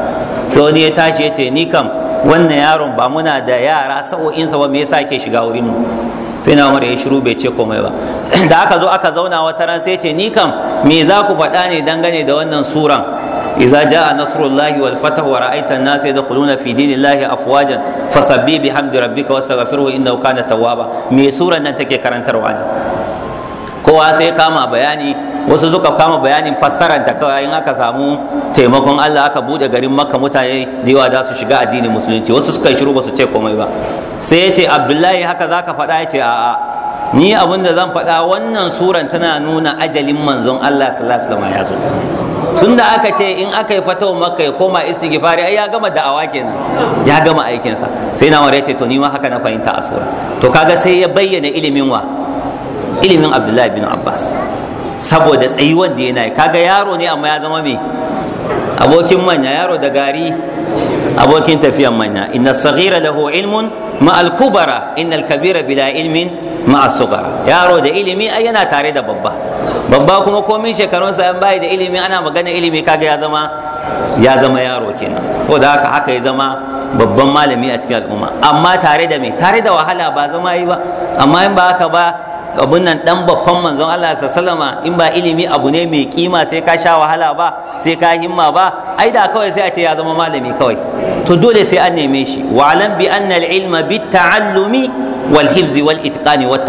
sai wani ya tashi ya ce ni kam wannan yaron ba muna da yara sa'o'insa ba me yasa ke shiga wurin mu sai na umar ya shiru bai ce komai ba da aka zo aka zauna wata ran sai ce ni kam me za ku faɗa ne dangane da wannan suran idza jaa nasrullahi wal fatah wa ra'aita an-nasa yadkhuluna fi dinillahi afwajan fasabbi bihamdi rabbika wastaghfirhu innahu kana tawwaba me suran nan take karantarwa ne kowa sai kama bayani wasu suka kama bayanin ta kawai in aka samu taimakon Allah aka bude garin makka mutane da yawa za su shiga addinin musulunci wasu suka shiru ba su ce komai ba sai ya ce abdullahi haka za ka faɗa ya ce a'a ni abin zan faɗa wannan suran tana nuna ajalin manzon Allah sallallahu alaihi wasallam ya zo tun da aka ce in aka yi fatawa makka ya koma istighfari ai ya gama da'awa kenan ya gama aikinsa sai na ya ce to ni ma haka na fahimta a sura to kaga sai ya bayyana ilimin wa ilimin abdullahi bin abbas saboda tsayuwar da yana kaga yaro ne amma ya zama mai? abokin manya yaro da gari abokin tafiyan manya inna saghira lahu ilmun ma al-kubara inna al-kabira bila ilmin ma as-sughara yaro da ilimi ai yana tare da babba babba kuma komai shekarun sa bai da ilimi ana magana ilimi kaga ya zama ya zama yaro kenan saboda haka haka ya zama babban malami a cikin al'umma amma tare da me tare da wahala ba zama yi ba amma in ba haka ba abun nan dan babban manzon Allah sallama in ba ilimi abu ne mai kima sai ka sha wahala ba sai ka himma ba ai da kawai sai a ce ya zama malami kawai to dole sai an neme shi wa alam bi anna al ilma bit ta'allumi wal hifzi wal itqani wat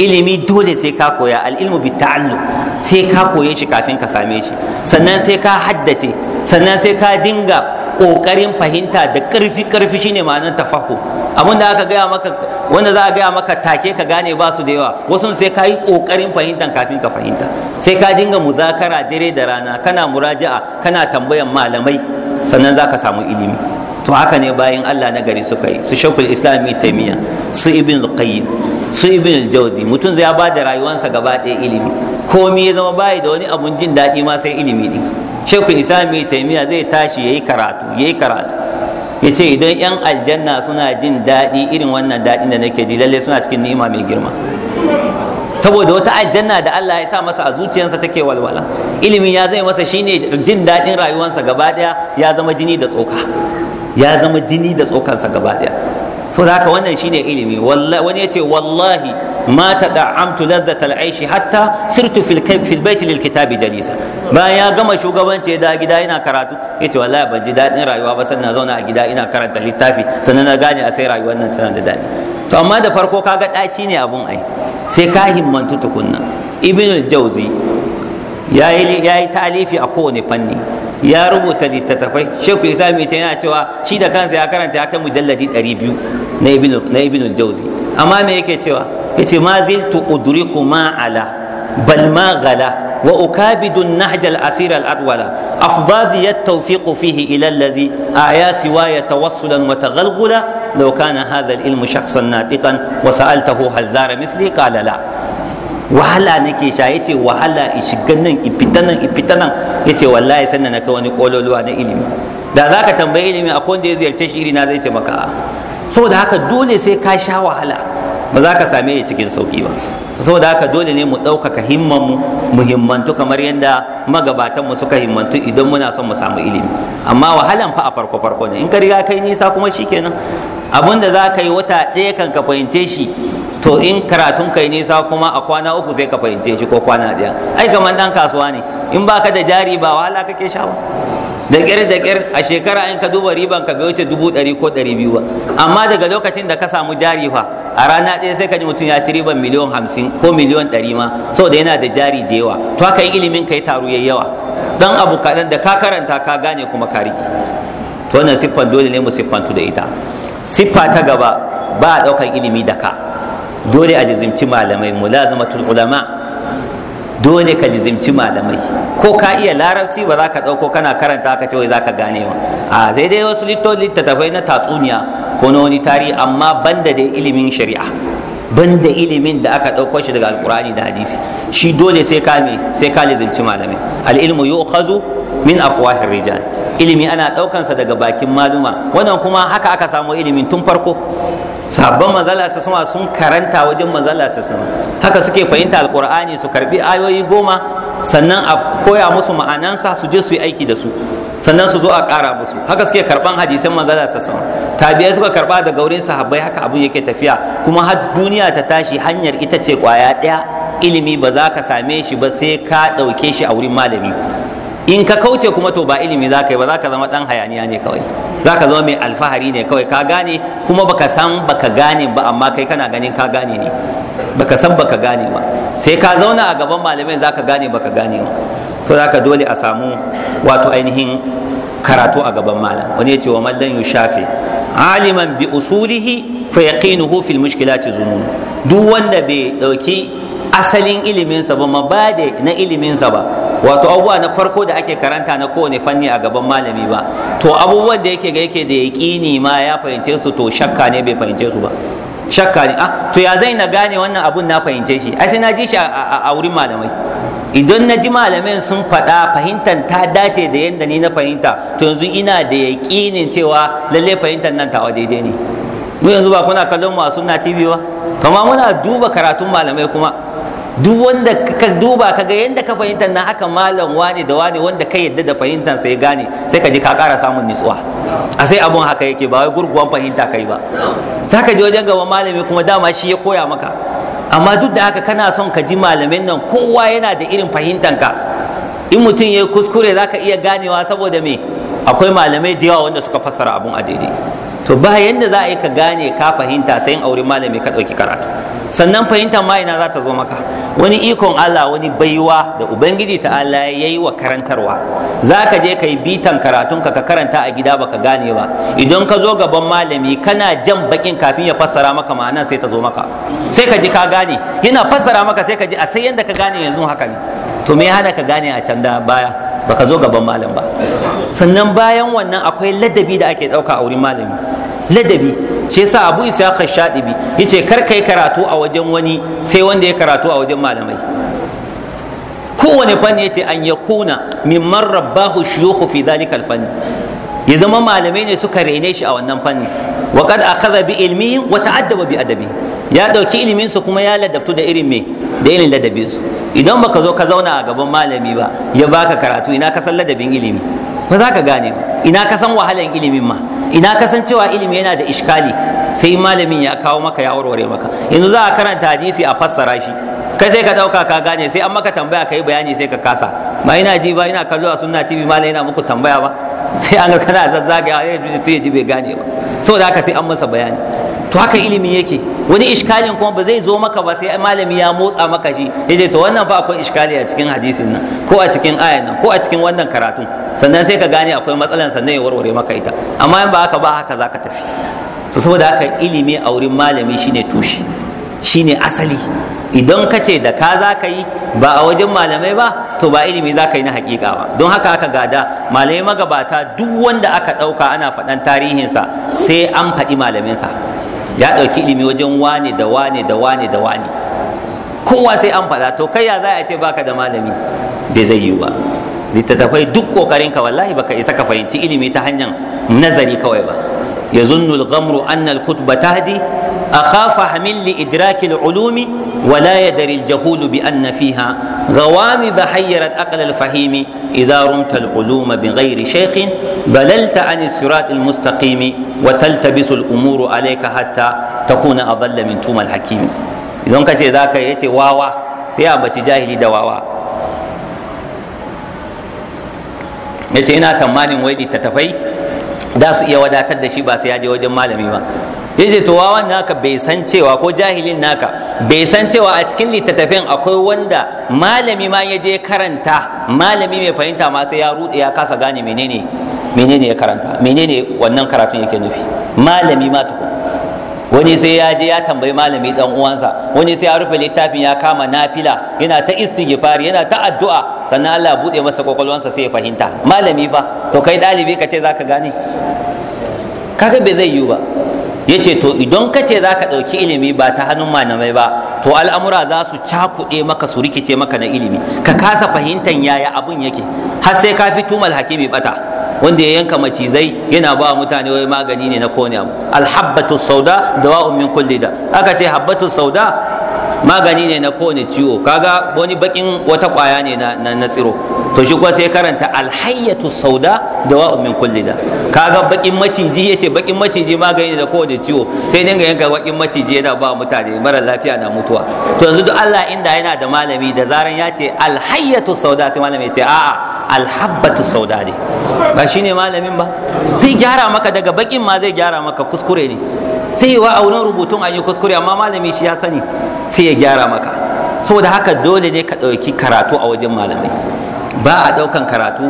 ilimi dole sai ka koya al ilmu bit ta'allum sai ka koye shi kafin ka same shi sannan sai ka haddace sannan sai ka dinga ƙoƙarin fahimta da ƙarfi karfi shine ma'anar tafahu abin da aka gaya maka wanda za a gaya maka take ka gane ba su da yawa wasu sai ka yi ƙoƙarin fahimta kafin ka fahimta sai ka dinga muzakara dare da rana kana muraja'a kana tambayan malamai sannan za ka samu ilimi to haka ne bayan Allah na gari suka yi su shakul islami taimiyya su ibn qayyim su ibn jauzi mutum zai ba da rayuwarsa gaba ɗaya ilimi komai ya zama bayi da wani abun jin daɗi ma sai ilimi din shekun islam mai zai tashi ya yi karatu Ya yi karatu ya ce idan yan aljanna suna jin daɗi irin wannan daɗin da nake ji lalle suna cikin ni'ima mai girma saboda wata aljanna da Allah ya sa masa a zuciyarsa take walwala ilimin ya zai masa shine jin daɗin rayuwarsa gaba ɗaya ya zama jini da tsoka ya zama jini da tsokansa gaba ɗaya so da haka wannan shine ilimi wani ya ce wallahi ma tada'amtu ladhat al-aishi hatta sirtu fil kayf fil bayt lil kitabi jalisa bayan ya gama shugabanci da gida ina karatu yace wallahi ban ji dadin rayuwa ba sannan zauna a gida ina karanta littafi sannan na gane a sai rayuwar nan tana da dadi to amma da farko kaga daci ne abun ai sai ka himmantu tukunna ibn jawzi ya yi talifi a kowane fanni ya rubuta littattafai shekku isa ta yana cewa shi da kansa ya karanta ya kai mujalladi 200 na ibn al-jawzi amma me yake cewa ya ce ma zintu ala bal ma gala wa ukabidu nahj al asir al adwala afbadi ya fihi ila allazi aya siwa yatawassula wa taghalghula law kana hadha al ilmu shakhsan natiqan wa sa'altahu hal zara mithli qala la wahala nake sha yace wahala ishigan nan ifitan nan ifitan nan yace wallahi sanna na kai wani kololuwa na ilimi da zaka tambaye ilimi akwai wanda ya ziyarce shi irina zai ce maka saboda haka dole sai ka sha wahala ba za ka same ni cikin sauki ba saboda haka dole ne mu ɗaukaka mu muhimmantu kamar yadda magabatan mu suka himmantu idan muna son mu samu ilimi amma wahalan fa a farko farko ne in ka riga kai nisa kuma shikenan abin da za ka yi wata ɗaya kan ka fahimce shi to in karatun kai nisa kuma a kwana uku sai ka fahimce shi ko kwana ɗaya ai kamar dan kasuwa ne in baka da jari ba wala kake sha da ƙyar da ƙyar a shekara in ka duba riban ka bai wuce dubu ɗari ko ɗari biyu ba amma daga lokacin da ka samu jari fa a rana ɗaya sai ka ji mutum ya ci riban miliyon hamsin ko miliyon ɗari ma saboda yana da jari da yawa to haka ilimin ka ya taru yayi yawa dan abu kaɗan da ka karanta ka gane kuma ka riƙe to wannan siffan dole ne mu siffantu da ita siffa ta gaba ba a ɗaukar ilimi da ka dole a lizimci malamai mulazamatul ulama dole ka lizimci malamai ko ka iya larabci ba za ka ɗauko kana karanta ka ce za ka gane ba a sai dai wasu littattafai na tatsuniya ko na wani tarihi amma banda dai ilimin shari'a banda ilimin da aka ɗauko shi daga alkurani da hadisi shi dole sai ka ne, sai ka lizimci malamai al ilmu yu'khazu min afwahir rijal ilimi ana ɗaukansa daga bakin maluma wannan kuma haka aka samu ilimin tun farko sabon manzala sun karanta wajen manzala haka suke fahimta alkur'ani su karbi ayoyi goma sannan a koya musu ma'anansa su je su yi aiki da su sannan su zo a ƙara musu haka suke karban hadisan manzala sassama tabiya suka karba daga wurin sahabbai haka abun yake tafiya kuma har duniya ta tashi hanyar ita ce kwaya ɗaya ilimi ba za ka same shi ba sai ka ɗauke shi a wurin malami in ka kauce kuma to ba ilimi za ka yi ba za ka zama dan hayaniya ne kawai za ka zama mai alfahari ne kawai ka gane kuma baka san baka gane ba amma kai kana ganin ka gane ne baka san baka gane ba sai ka zauna a gaban malamai za ka gane baka gane ba so za ka dole a samu wato ainihin karatu a gaban malam wani ya ce wa mallan yu shafe aliman bi usulihi fa yaqinuhu fil mushkilati zunun duk wanda bai dauki asalin iliminsa ba mabade na iliminsa ba wato abubuwa na farko da ake karanta na kowane fanni a gaban malami ba to abubuwan da yake ga yake da yaƙini ma ya fahimce su to shakka ne bai fahimce su ba shakka ne ah to ya zai na gane wannan abun na fahimce shi ai sai na ji shi a wurin malamai idan na ji malamai sun faɗa fahimtar ta dace da yadda ni na fahimta to yanzu ina da yaƙinin cewa lallai fahimtar nan tawa daidai ne mu yanzu ba kuna kallon mu a sunna tv ba Kamar muna duba karatun malamai kuma duk wanda ka duba ka ga yadda ka fahimta na haka malam wane da wani wanda ka yadda da fahimtar sai gane sai ka ji ka kara samun nutsuwa a sai abun haka yake ba wai gurguwan fahimta kai ba za ka je wajen gaba malami kuma dama shi ya koya maka amma duk da haka kana son ka ji malamin nan kowa yana da irin fahimtanka in mutum ya kuskure za ka iya ganewa saboda me akwai malamai da yawa wanda suka fassara abun a daidai to ba yanda za a yi ka gane ka fahimta sai in aure malami ka ɗauki karatu sannan fahimtar ma ina za ta zo maka wani ikon Allah wani baiwa da ubangiji ta Allah ya yi wa karantarwa za ka je ka yi bitan karatunka ka karanta a gida baka gane ba idan ka zo gaban malami kana jan bakin kafin ya fassara maka ma'anan sai ta zo maka sai ka ji ka gane yana fassara maka sai ka ji a sai yanda ka gane yanzu haka ne to me hana ka gane a can da baya baka zo gaban malam ba sannan bayan wannan akwai ladabi da ake ɗauka a wurin malami ladabi shi yasa abu isa ka shadibi yace kar kai karatu a wajen wani sai wanda ya karatu a wajen malamai kowane fanni yace an yakuna mimman rabbahu shuyukhu fi dhalika al-fanni ya zama malamai ne suka rene shi a wannan fanni wa kad akhadha bi ilmihi wa ta'addaba bi adabi ya dauki ilimin su kuma ya ladabtu da irin me da irin ladabin su idan baka zo ka zauna a gaban malami ba ya baka karatu ina ka san ladabin ilimi ba za ka gane ba ina ka san wahalan ilimin ma ina ka san cewa ilimi yana da iskali sai malamin ya kawo maka ya warware maka yanzu za a karanta hadisi a fassara shi kai sai ka dauka ka gane sai an maka tambaya ka bayani sai ka kasa ba ina ji ba ina kallo a sunna tv malai yana muku tambaya ba sai an ga kana zazzaga a eh, ji ya ji bai gane ba saboda haka sai an masa bayani to haka ilimi yake wani iskalin kuma ba zai zo maka ba sai malami ya motsa maka shi yace to wannan fa akwai iskali a cikin hadisin nan ko a cikin ayan nan ko a cikin wannan karatun sannan sai ka gane akwai matsalan sannan ya warware maka ita amma in ba haka ba haka zaka tafi to saboda haka ilimi a wurin malami shine tushe shine asali idan ka ce da ka za ka yi ba a wajen malamai ba to ba ilimi za ka yi na hakika ba don haka aka gada malamai magabata duk wanda aka ɗauka ana faɗan tarihinsa sai an faɗi malaminsa ya ɗauki ilimi wajen wane da wane da wane da wane kowa sai an faɗa to kai ya za a ce baka da malami bai zai yiwu ba littattafai duk ƙoƙarinka wallahi baka isa ka fahimci ilimi ta hanyar nazari kawai ba يظن الغمر أن الكتب تهدي أخاف حمل لإدراك العلوم ولا يدري الجهول بأن فيها غوامض حيرت أقل الفهيم إذا رمت العلوم بغير شيخ بللت عن الصراط المستقيم وتلتبس الأمور عليك حتى تكون أضل من توم الحكيم إذا كنت ذاك يتي واوا سيابة جاهلي دواوا yace ina tamanin wai littattafai da su iya wadatar da shi ba sai ya je wajen malami ba yaje to wawan naka bai san cewa ko jahilin naka bai san cewa a cikin littattafin akwai wanda malami ma ya je karanta malami mai fahimta ma sai ya rude ya kasa gane menene menene ya karanta menene wannan karatun yake nufi malami ma tukun wani sai ya je ya tambayi malami dan uwansa wani sai ya rufe littafin ya kama nafila yana ta istighfar yana ta addu'a sannan Allah bude masa kwakwalwansa sai ya fahimta malami fa to kai dalibi ka zaka gane kaga bai zai yiwu ba yace to idan kace ce zaka dauki ilimi ba ta hannun malamai ba to al'amura za su cakuɗe maka su rikice maka na ilimi ka kasa fahimtan yaya abun yake har sai ka fi tumal hakimi bata wanda ya yanka macizai yana ba mutane wai magani ne na kone sauda dawa'un min kulli da aka ce habbatu sauda magani ne na kowane ciwo kaga wani bakin wata kwaya ne na na tsiro to shi kuwa sai karanta alhayyatu sauda da min kulli da kaga bakin maciji yace bakin maciji magani ne na kowane ciwo sai dinga yanka bakin maciji yana ba mutane mara lafiya na mutuwa to yanzu duk Allah inda yana da malami da zaran ya ce alhayyatu sauda sai malami ya ce a'a alhabbatu sauda ne ba shine malamin ba zai gyara maka daga bakin ma zai gyara maka kuskure ne sai wa a wurin rubutun an yi kuskure amma malami shi ya sani sai ya gyara maka saboda haka dole ne ka ɗauki karatu a wajen malamai ba a ɗaukan karatu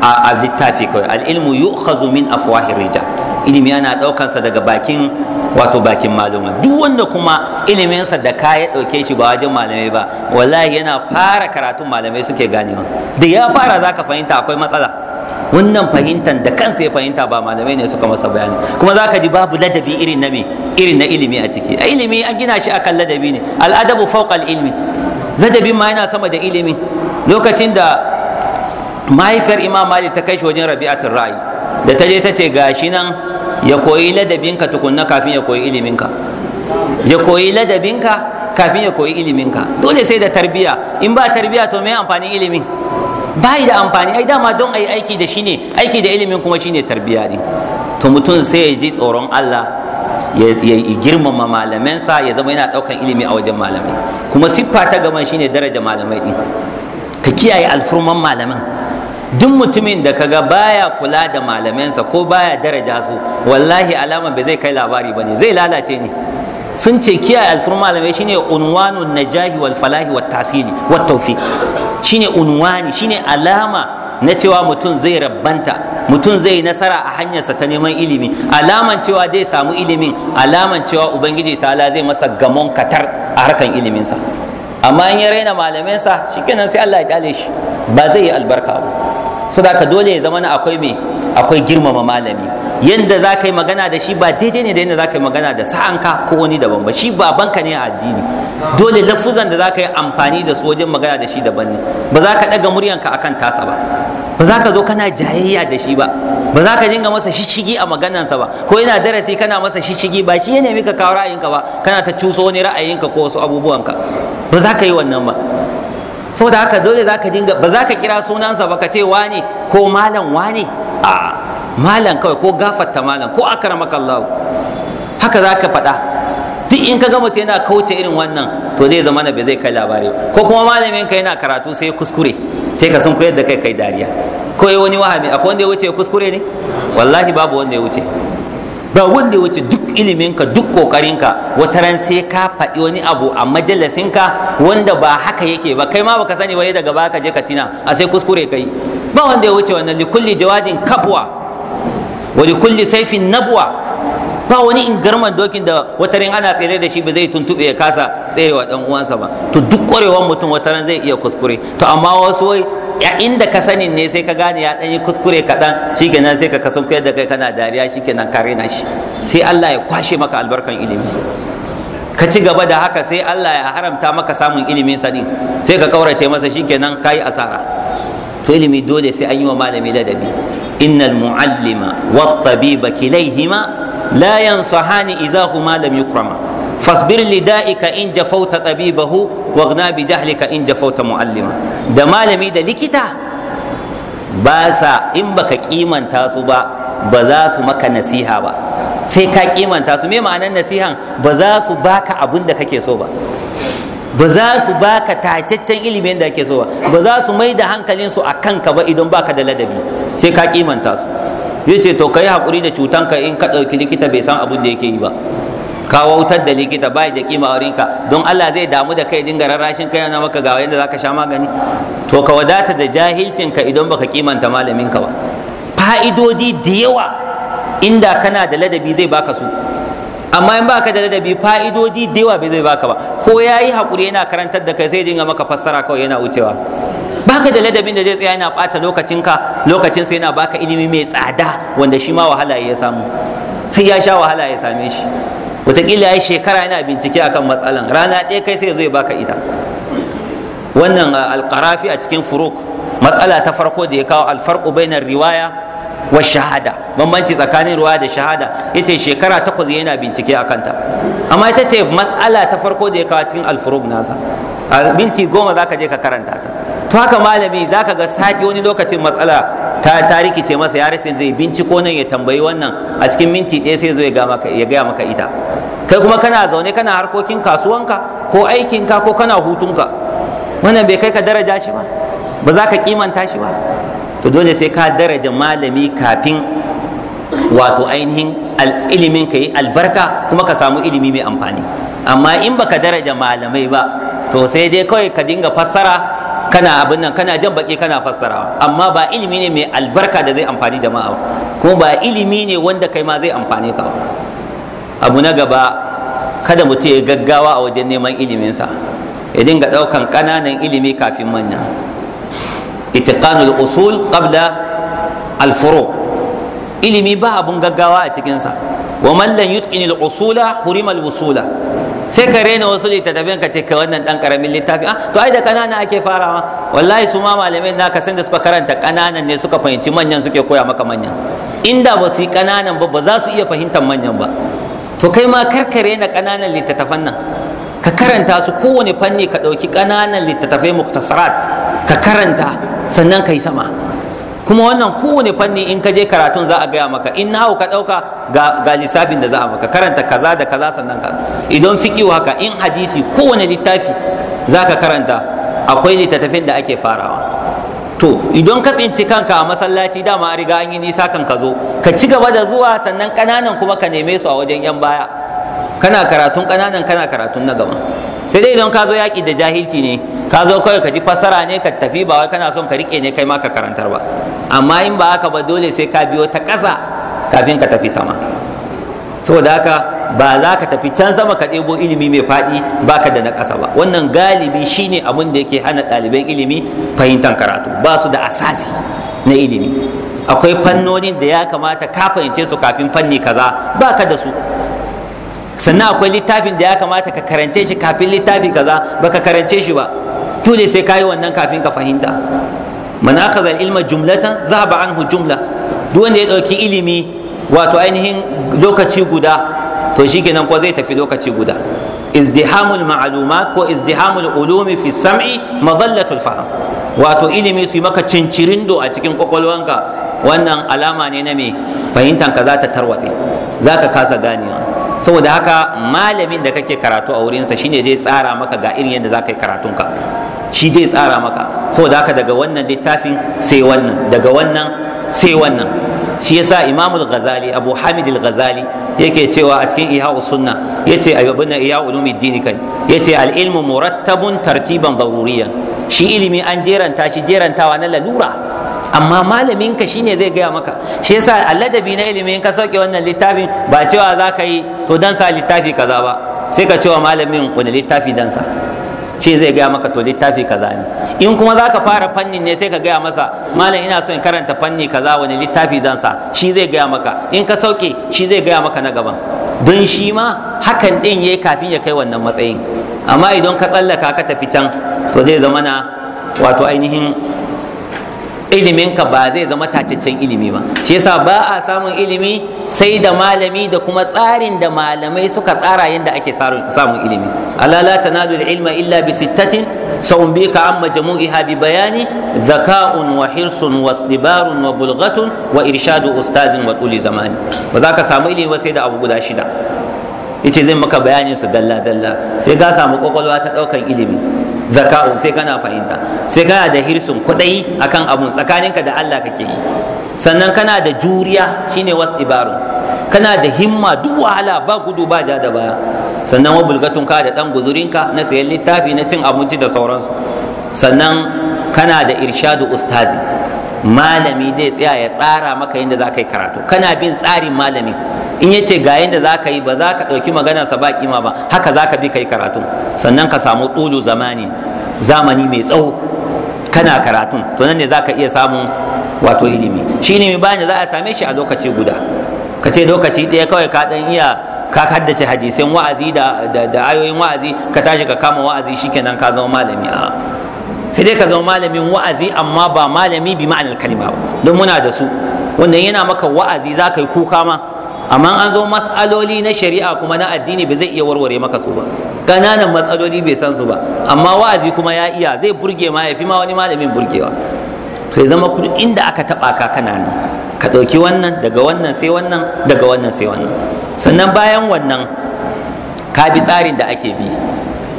a littafi kawai al'ilmu yi yu'khadhu min afwahir rija ilimi yana ɗaukansa daga bakin wato bakin maluma duk wanda kuma iliminsa da ka ya ɗauke shi ba wajen malamai ba wallahi yana fara karatun malamai suke ganewa da ya fara zaka fahimta akwai matsala wannan fahimtar da kansa ya fahimta ba malamai ne suka masa bayani kuma za ka ji babu ladabi irin na me irin na ilimi a ciki a ilimi an gina shi akan ladabi ne al'adabu fawqa ilmi ladabi ma yana sama da ilimi lokacin da mahaifiyar imam malik ta kai shi wajen rabi'atul ra'i da ta je ta ce gashi nan ya koyi ladabinka tukunna kafin ya koyi iliminka ya koyi ladabinka kafin ya koyi iliminka dole sai da tarbiya in ba tarbiya to me amfanin ilimin bai da amfani ai dama don ai aiki da shi ne aiki da ilimin kuma shine tarbiya ne to mutum sai ya ji tsoron Allah ya girmama malamansa ya zama yana daukan ilimi a wajen malamai kuma siffa ta gaban shine daraja malamai din ka kiyaye alfurman malaman duk mutumin da kaga baya kula da malamansa ko baya daraja su wallahi alama bai zai kai labari bane zai lalace ne sun ce kiyaye alfurma malamai shine unwanun najahi wal falahi wat tasiri wat tawfiq shine unwani shine alama na cewa mutum zai rabbanta mutum zai nasara a hanyarsa ta neman ilimi alaman cewa zai samu ilimin alaman cewa ubangiji ta'ala zai masa gamon katar a harkan iliminsa amma in ya raina malaminsa shikenan sai Allah ya kyale shi ba zai yi albarka ba so da dole ya zama na akwai mai akwai girmama malami yadda za ka yi magana da shi ba daidai ne da yadda za ka yi magana da sa'anka ko wani daban ba shi babanka ne a addini dole lafuzan da za ka yi amfani da su wajen magana da shi daban ne ba za ka ɗaga muryanka akan tasa ba ba za ka zo kana jayayya da shi ba ba za ka dinga masa shishigi a maganansa ba ko yana darasi kana masa shishigi ba shi ya nemi ka kawo ra'ayinka ba kana ta cuso wani ra'ayinka ko wasu abubuwanka ba za ka yi wannan ba saboda haka dole za ka dinga ba za ka kira sunansa ba ka ce wane ko malam wane a'a malam kawai ko gafarta malam ko akramaka Allah haka za ka faɗa duk in ka ga mutum yana kauce irin wannan to zai zama na bai zai kai labari ko kuma malamin ka yana karatu sai kuskure sai ka sun koyar da kai kai dariya ko wani wahami akwai wanda ya wuce kuskure ne wallahi babu wanda ya wuce ba wanda ya wuce duk iliminka duk ka wata ran sai ka faɗi wani abu a majalisin ka wanda ba haka yake ba kai ma baka sani ba yadda gaba ka je ka tina a sai kuskure kai ba wanda ya wuce wannan likulli jawadin kabwa wani kulli saifin nabwa ba wani ingarman dokin da watarin ana tsere da shi ba zai tuntube ya kasa tserewa dan uwansa ba to duk kwarewan mutum ran zai iya kuskure to amma wasu wai ya inda ka sani ne sai ka gane ya dan yi kuskure kaɗan shi nan sai ka kasan kuyar da kai kana dariya shi nan ka rena shi sai Allah ya kwashe maka albarkan ilimi ka ci gaba da haka sai Allah ya haramta maka samun ilimin sani sai ka kaurace masa shi kenan ka yi asara to ilimi dole sai an yi wa malami ladabi innal muallima wat tabiba kilayhima la yansahani idza huma lam yukrama fasbir lida'ika in jafauta tabibahu waghna bi jahlika in jafauta muallima da malami da likita ba sa in baka kimanta su ba ba za su maka nasiha ba sai ka kimanta su me ma'anar nasihan ba za su baka abin da kake so ba ba za su baka tacaccen ilimin da ake so ba ba za su mai da hankalin su a kanka ba idan baka da ladabi sai ka kimanta su ce to ka yi hakuri da cutan ka in ka ɗauki likita bai san abin da yake yi ba ka wautar da likita Ba da kima ka don Allah zai damu da kai dinga rarrashin kai na maka ga yadda zaka sha magani to ka wadata da jahilcin ka idan baka kimanta malamin ka ba fa'idodi da yawa inda kana da ladabi zai baka su amma in baka da ladabi fa'idodi da yawa bai zai baka ba ko yayi hakuri yana karantar da kai sai dinga maka fassara kawai yana wucewa baka da ladabin da zai tsaya yana bata lokacinka lokacin sai yana baka ilimi mai tsada wanda shi ma wahala ya samu sai ya sha wahala ya same shi wataƙila ya shekara yana bincike akan matsalan rana ɗaya kai sai zai baka ita wannan ah, alƙarafi a cikin furuk matsala ta farko da ya kawo alfarƙu bainar riwaya wa shahada bambanci tsakanin ruwa da shahada yace shekara takwas yana bincike a kanta amma ita ce matsala ta farko da ya kawo cikin alfurub nasa a minti goma za ka je ka karanta ta to haka malami za ka ga sati wani lokacin matsala ta tariki ce masa ya rasa zai binciko nan ya tambayi wannan a cikin minti ɗaya sai zo ya gaya maka ita kai kuma kana zaune kana harkokin kasuwanka ko aikinka ko kana hutunka wannan bai kai ka daraja shi ba ba za ka kimanta shi ba to dole sai ka daraja malami kafin wato ainihin ilimin ka yi albarka kuma ka samu ilimi mai amfani amma in baka daraja malamai ba to sai dai kawai ka dinga fassara kana abin nan kana jan baki kana fassarawa amma ba ilimi ne mai albarka da zai amfani jama'a kuma ba ilimi ne wanda kai ma zai amfane ka abu na gaba kada mutum ya gaggawa a wajen neman iliminsa ya dinga ɗaukan ƙananan ilimi kafin manya itiqanul usul qabla al-furu ilimi ba abun gaggawa a cikinsa wa man lam yutqin al-usula hurima al-wusula sai ka rena wasu littattafin ka ce ka wannan dan karamin littafi ah to ai da kanana ake farawa wallahi su ma malamai na ka san da suka karanta kananan ne suka fahimci manyan suke koya maka manyan inda ba su yi kananan ba ba za su iya fahimtar manyan ba to kai ma kar ka rena kananan littattafan nan ka karanta su kowane fanni ka ɗauki ƙananan littattafai muktasarat ka karanta sannan ka yi sama kuma wannan kowane fanni in ka je karatun za a gaya maka in nahu ka ɗauka ga lissafin da za a maka karanta kaza da kaza sannan ka idan fiƙewa haka in hadisi kowane littafi za ka karanta akwai littattafin da ake farawa to idan ka tsinci kanka a masallaci dama a riga an yi nisa kan ka zo ka ci gaba da zuwa sannan ƙananan kuma ka neme su a wajen yan baya kana karatun kananan kana karatun na gaba sai dai idan ka zo yaƙi da jahilci ne ka zo kawai ka ji fassara ne ka tafi ba wai kana son ka rike ne kai ma ka karantar ba amma in ba haka ba dole sai ka biyo ta ƙasa kafin ka tafi sama saboda haka ba za ka tafi can sama ka ɗebo ilimi mai faɗi ba ka da na ƙasa ba wannan galibi shine abin da yake hana ɗaliban ilimi fahimtar karatu ba su da asasi na ilimi akwai fannonin da ya kamata ka fahimce su kafin fanni kaza ba ka da su sannan akwai littafin da ya kamata ka karance shi kafin littafi kaza ka karance shi ba dole sai kayi wannan kafin ka fahimta man akhadha ilma jumlatan dhahaba anhu jumla duk wanda ya dauki ilimi wato ainihin lokaci guda to shikenan ko zai tafi lokaci guda izdihamul ma'lumat ko izdihamul ulumi fi sam'i madallatul fahm wato ilimi su yi maka cincirindo a cikin kwakwalwanka wannan alama ne na me fahimtanka za ta tarwatse za ka kasa ganewa saboda haka malamin da kake karatu a wurinsa shine zai tsara maka ga irin yadda za ka yi karatunka shi zai tsara maka saboda haka daga wannan littafin sai wannan daga wannan sai wannan shi yasa imamul ghazali abu hamid al-ghazali yake cewa a cikin ihya sunna yace ayyubuna ihya ulumuddin kai yace al-ilmu murattabun tartiban daruriyan shi ilimi an jeranta shi jerantawa na lalura amma malamin ka shine zai gaya maka shi yasa ladabi na ilimi in ka sauke wannan littafin ba cewa za ka yi to dan sa littafi kaza ba sai ka cewa malamin wani littafi dan sa shi zai gaya maka to littafi kaza ne in kuma za ka fara fannin ne sai ka gaya masa malam ina so in karanta fanni kaza wani littafi zan sa shi zai gaya maka in ka sauke shi zai gaya maka na gaban don shi ma hakan din yayi kafin ya kai wannan matsayin amma idan ka tsallaka ka tafi can to zai zama na wato ainihin iliminka ba zai zama tacaccen ilimi ba shi yasa ba a samun ilimi sai da malami da kuma tsarin da malamai suka tsara yadda ake samun ilimi ala la tanalu ilma illa bi sittatin sa'un bika amma jamu'iha bi bayani zaka'un wa hirsun wa istibarun wa Bulgatun wa irshadu ustazin wa tuli zamani ba za ka samu ilimi ba sai da abu guda shida yace zai maka bayanin su dalla dalla sai ka samu kwakwalwa ta daukan ilimi zaka'un sai kana fahimta sai kana da hirsun kuɗai akan abun tsakaninka da Allah kake yi sannan kana da juriya shine was ibaru kana da himma duk wahala ba gudu ba ja da baya sannan wa bulgatun ka da dan guzurinka na sayan littafi na cin abinci da sauransu sannan kana da irshadu ustazi malami zai tsaya ya tsara maka yadda za ka yi karatu kana bin tsarin malami in ya ce ga yadda za ka yi ba za ka ɗauki maganarsa ba kima ba haka za ka bi ka yi karatu sannan ka samu tsulu zamani zamani mai tsawo kana karatu. to nan ne za ka iya samun wato ilimi shi ilimi bayan da za a same shi a lokaci guda ka ce lokaci ɗaya kawai ka ɗan iya ka haddace hadisin wa'azi da ayoyin wa'azi ka tashi ka kama wa'azi shikenan ka zama malami a'a sai dai ka zama malamin wa'azi amma ba malami bi ma'anar kalima ba don muna da su wannan yana maka wa'azi za ka yi kuka ma amma an zo matsaloli na shari'a kuma na addini ba zai iya warware maka su ba ƙananan matsaloli bai san su ba amma wa'azi kuma ya iya zai burge ma ya fi ma wani malamin burgewa sai zama kudu inda aka taɓa ka kana nan ka ɗauki wannan daga wannan sai wannan daga wannan sai wannan sannan bayan wannan ka bi tsarin da ake bi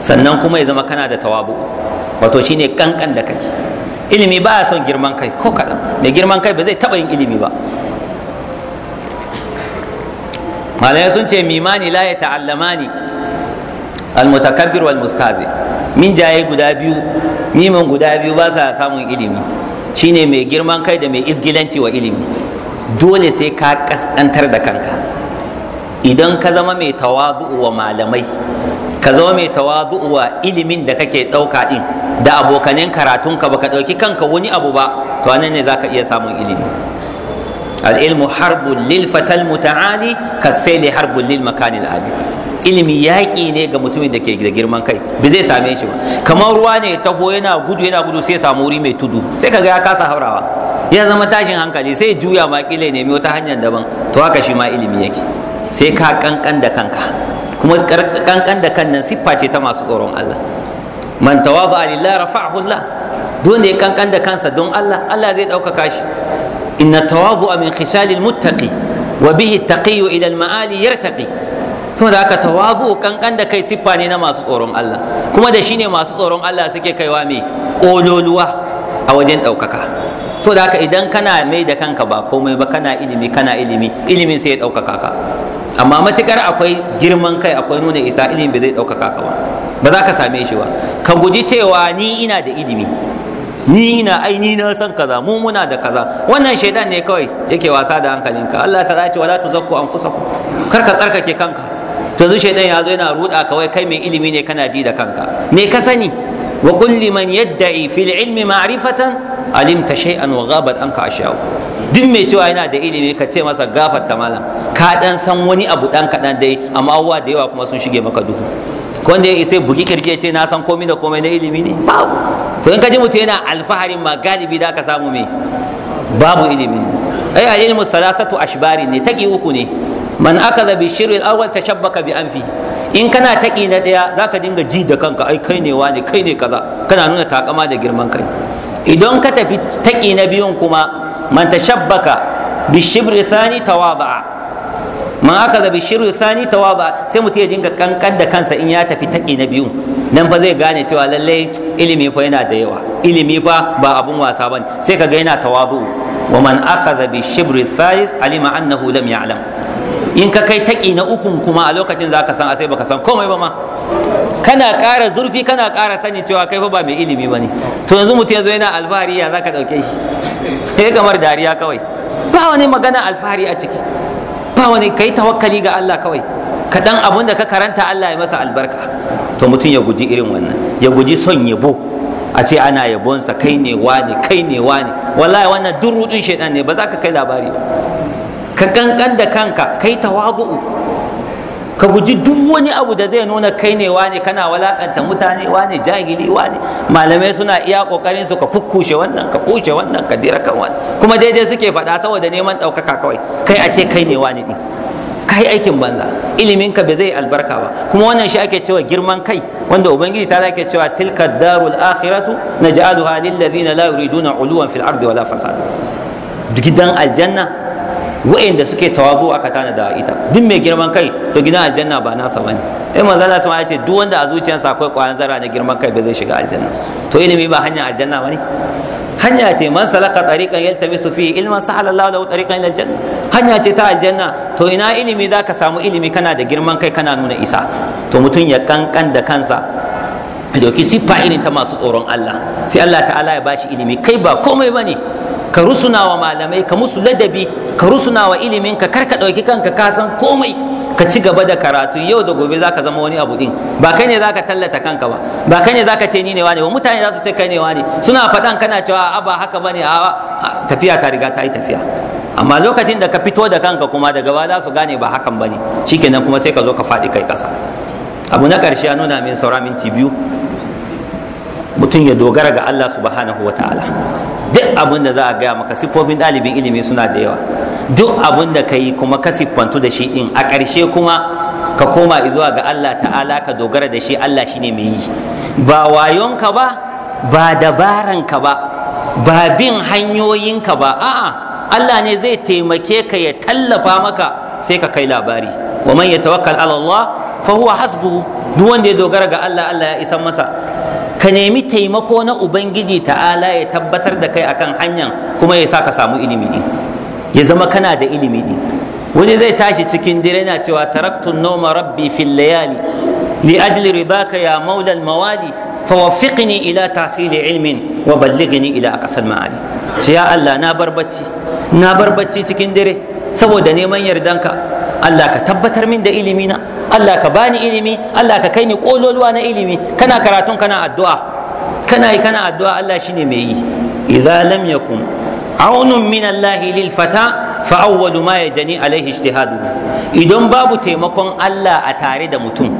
sannan kuma ya zama kana da tawabu wato shine kankan da kai ilimi ba ya son girman kai ko kaɗan mai girman kai ba zai taɓa yin ilimi ba malamai sun ce mimani la ya ta'allamani almutakabbir wal mustazi min jaye guda biyu miman guda biyu ba sa samun ilimi shine mai girman kai da mai izgilanci wa ilimi dole sai ka kasantar da kanka idan ka zama mai tawazu'u malamai ka zama mai tawazu'u ilimin da kake ɗauka ɗin da abokanin karatunka baka ɗauki kanka wani abu ba to anan ne zaka iya samun ilimi al-ilmu harbun lil fatal muta'ali kasaili harbun lil makanil ali ilimi yaƙi ne ga mutumin da ke da girman kai Bi zai same shi ba kamar ruwa ne taho yana gudu yana gudu sai samu wuri mai tudu sai kaga ya kasa haurawa ya zama tashin hankali sai juya ma ne mai wata hanyar daban to haka shi ma ilimi yake sai ka kankan da kanka kuma kankan da kan nan siffa ce ta masu tsoron Allah man tawaba lillah rafa'ahu Allah duk ya kankan da kansa don Allah Allah zai ɗaukaka shi inna tawabu min khisalil muttaqi wa bihi taqiyu ila al ma'ali yartaqi saboda haka tawabu kankan da kai siffa ne na masu tsoron Allah kuma da shine masu tsoron Allah suke kaiwa mai kololuwa a wajen ɗaukaka so da haka idan kana mai da kanka ba komai ba kana ilimi kana ilimi ilimin sai ya ɗaukaka ka amma matukar akwai girman kai akwai nuna isa ilimi bai zai ɗaukaka ka ba ba za ka same shi ba ka guji cewa ni ina da ilimi ni ina ai na san kaza mu muna da kaza wannan shaidan ne kawai yake wasa da hankalinka Allah ta ce wala tuzakku anfusakum kar ka tsarkake kanka yanzu shaidan ya zo yana ruda kawai kai mai ilimi ne kana ji da kanka me ka sani wa man yadda yad'i fil ilmi ma'rifatan alimta shay'an wa ghabat anka ashaw duk mai cewa yana da ilimi ka ce masa gafarta malam ka dan san wani abu dan kadan dai amma uwa da yawa kuma sun shige maka duhu wanda ya isa bugi kirje ce na san komai da komai na ilimi ne babu to in ka ji mutum yana alfaharin ma galibi da ka samu me babu ilimi ai al ilimi salasatu ashbari ne taki uku ne man akaza bi shirri al-awwal tashabbaka bi anfi in kana taki na daya zaka dinga ji da kanka ai kai ne wane kai ne kaza kana nuna takama da girman kai idan ka tafi taƙi na biyun kuma man tashabbaka bishibri thani tawada'a man aka da bishibri thani tawada'a sai mutum ya dinga kankan da kansa in ya tafi taƙi na biyun nan fa zai gane cewa lallai ilimi fa yana da yawa ilimi fa ba abun wasa bane sai ka ga yana tawadu wa man aka da bishibri thalith alima annahu lam ya'lam in ka kai taki na ukun kuma a lokacin za ka san a sai baka san komai ba ma kana ƙara zurfi kana ƙara sani cewa kai fa ba mai ilimi ba ne to yanzu mutum ya zo yana alfahari ya za ka ɗauke shi sai kamar dariya kawai ba wani magana alfahari a ciki ba wani kai tawakkali ga Allah kawai ka dan abun da ka karanta Allah ya masa albarka to mutum ya guji irin wannan ya guji son yabo a ce ana yabonsa kai ne wani kai ne wani wallahi wannan duk rudin shaidan ne ba za ka kai labari ba ka kankan da kanka kai tawadu'u ka guji duk wani abu da zai nuna kai ne wane kana walakanta mutane wane jahili wane malamai suna iya kokarin su ka kukkushe wannan ka kushe wannan ka dira kan wani kuma daidai suke faɗa saboda neman ɗaukaka kawai kai a ce kai ne wane ɗin kai aikin banza ilimin ka ba zai albarka ba kuma wannan shi ake cewa girman kai wanda ubangiji ta ake cewa tilka darul akhiratu naj'aluha lil ladina la yuriduna uluwan fil ardi wala fasad gidan aljanna da suke tawazu aka tana da ita duk mai girman kai to gidan aljanna ba nasa bane eh manzo Allah sama ya ce duk wanda a zuciyarsa akwai kwayan zara na girman kai ba zai shiga aljanna to ilimi ba hanyar aljanna bane hanya ce man salaka tariqan yaltamisu fihi ilman sahala Allah lahu tariqan ila aljanna hanya ce ta aljanna to ina ilimi zaka samu ilimi kana da girman kai kana nuna isa to mutum ya kankan da kansa ya dauki siffa irin ta masu tsoron Allah sai Allah ta'ala ya bashi ilimi kai ba komai bane ka rusuna wa malamai ka musu ladabi ka rusuna wa ilimin ka karka ɗauki kanka ka san komai ka ci gaba da karatu yau da gobe zaka zama wani abu din ba kai ne zaka tallata kanka ba ba kai ne zaka ce ni ne wani ba mutane za su ce kai ne wani suna faɗan kana cewa a ba haka bane a tafiya ta riga ta yi tafiya amma lokacin da ka fito da kanka kuma daga ba za su gane ba hakan bane shikenan kuma sai ka zo ka faɗi kai ƙasa abu na ƙarshe ya nuna min saura minti biyu mutum ya dogara ga Allah subhanahu wa ta'ala duk abin da za a gaya maka siffofin ɗalibin ilimi suna da yawa duk abin da ka yi kuma ka siffantu da shi in a ƙarshe kuma ka koma zuwa ga Allah ta'ala ka dogara da shi Allah shi ne mai yi ba wayonka ba ba dabaranka ba ba bin hanyoyinka ba a'a Allah ne zai taimake ka ya tallafa maka sai ka kai labari wa man yatawakkal ala Allah fa huwa hasbuhu duk wanda ya dogara ga Allah Allah ya isan masa ka nemi taimako na ubangiji ta'ala ya tabbatar da kai akan hanyar kuma ya sa ka samu ilimi din ya zama kana da ilimi din wani zai tashi cikin dare na cewa taraktun noma rabbi fil layali li ajli ridaka ya maula al mawali fawafiqni ila tahsili ilmin wa ballighni ila aqsal ma'ali ce ya Allah na bar na cikin dare saboda neman yardanka Allah ka tabbatar min da ilimina Allah ka bani ilimi Allah ka kai ni kololuwa na ilimi kana karatun kana addu'a kana yi kana addu'a Allah shine mai yi idza lam yakun aunun min Allah lil fata fa jani ma yajni alaihi ijtihadu idan babu taimakon Allah a tare da mutum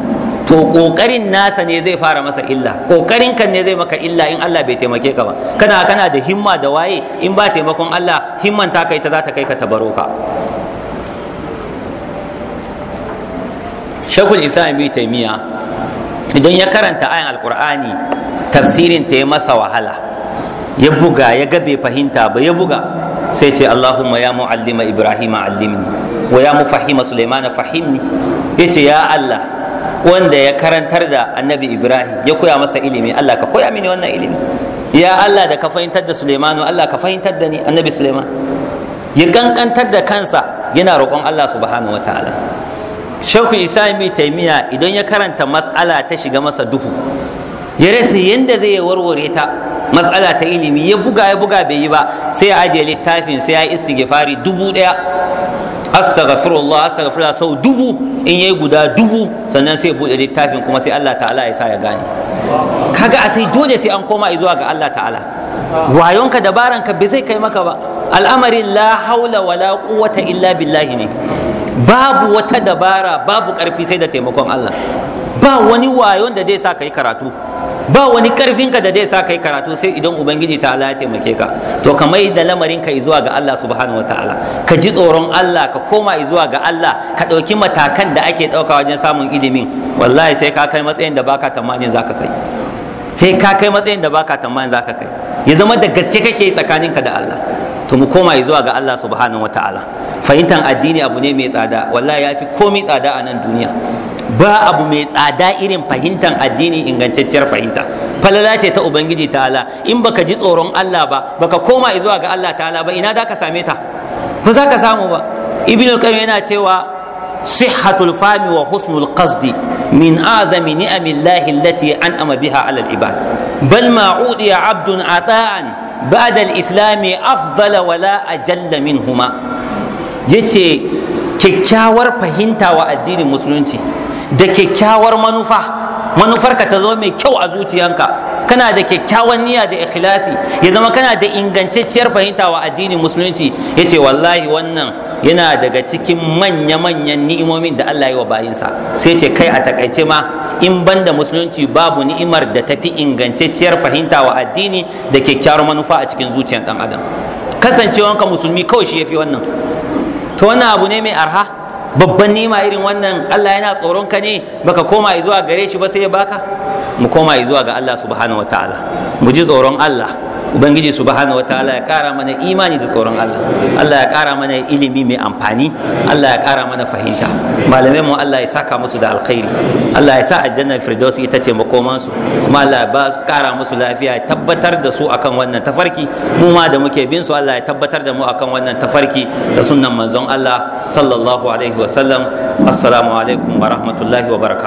to kokarin nasa ne zai fara masa illa kokarin kan ne zai maka illa in Allah bai taimake ka ba kana kana da himma da waye in ba taimakon Allah himman ta kai ta za ta kai ka tabaroka shekul islam bi taimiya idan ya karanta ayan alkur'ani tafsirin ta ya masa wahala ya buga ya ga bai fahimta ba ya buga sai ce allahumma ya mu'allima ibrahima allimni wa ya mufahima sulaimana fahimni yace ya allah wanda ya karantar da annabi ibrahim ya koya masa ilimi allah ka koya mini wannan ilimi ya allah da ka fahimtar da sulaimanu allah ka fahimtar da ni annabi sulaiman ya kankantar da kansa yana roƙon allah subhanahu wataala shauku isa mai taimiya idan ya karanta matsala ta shiga masa duhu ya rasa yadda zai warware ta matsala ta ilimi ya buga ya buga bai yi ba sai ya ajiye littafin sai ya istighfari dubu daya astaghfirullah astaghfirullah sau dubu in yayi guda dubu sannan sai bude littafin kuma sai Allah ta'ala ya sa ya gane kaga a sai dole sai an koma zuwa ga Allah ta'ala wayonka dabaranka bai zai kai maka ba al'amarin la haula wala quwwata illa billahi ne babu wata dabara babu karfi sai da taimakon Allah ba wani wayon da zai sa ka karatu ba wani karfinka da zai sa kai karatu sai idan ubangiji ta ya taimake ka to ka da lamarin ka zuwa ga Allah subhanahu wataala ka ji tsoron Allah ka koma zuwa ga Allah ka ɗauki matakan da ake ɗauka wajen samun ilimin wallahi sai ka kai matsayin da baka tamanin zaka kai sai ka kai matsayin da baka tamanin zaka kai ya zama da gaske kake tsakaninka da Allah to mu koma zuwa ga Allah subhanahu wataala fahimtar addini abu ne mai tsada wallahi ya fi komai tsada a nan duniya ba abu mai tsada irin fahimtar addini ingantacciyar fahimta falala ce ta ubangiji ta'ala in baka ji tsoron Allah ba baka koma zuwa ga Allah ta'ala ba ina za ka same ta ba za ka samu ba ibn qayyim yana cewa sihhatul fami wa husnul qasdi min azami ni'amillahi allati an'ama biha 'ala al-ibad bal ma 'udiya 'abdun ata'an بعد الإسلام أفضل ولا أجل منهما yace kyakkyawar fahimta wa addinin musulunci da kyakkyawar manufa manufarka ta zo mai kyau a zuciyanka kana da kyakkyawan niyya da ikhlasi ya zama kana da ingantacciyar fahimta wa addinin musulunci yace wallahi wannan yana daga cikin manya-manyan ni'imomin da Allah ya wa bayinsa sai ce kai a takaice ma in banda musulunci babu ni'imar da tafi ciyar fahimta wa addini da kyakkyawar manufa a cikin zuciyar dan adam kasancewanka musulmi kawai shi yafi wannan to wannan abu ne mai arha babban nima irin wannan Allah yana tsoron ka ne baka koma zuwa gare shi ba sai ya baka mu koma zuwa ga Allah subhanahu wataala mu ji tsoron Allah ubangiji subhanahu wataala ya kara mana imani da tsoron Allah Allah ya kara mana ilimi mai amfani Allah ya kara mana fahimta malamai mu Allah ya saka musu da alkhairi Allah ya sa aljanna firdaus ita ce makoman su kuma Allah ya kara musu lafiya ya tabbatar da su akan wannan tafarki mu ma da muke bin su Allah ya tabbatar da mu akan wannan tafarki da sunnan manzon Allah sallallahu alaihi wasallam assalamu alaikum wa rahmatullahi wa barakatuh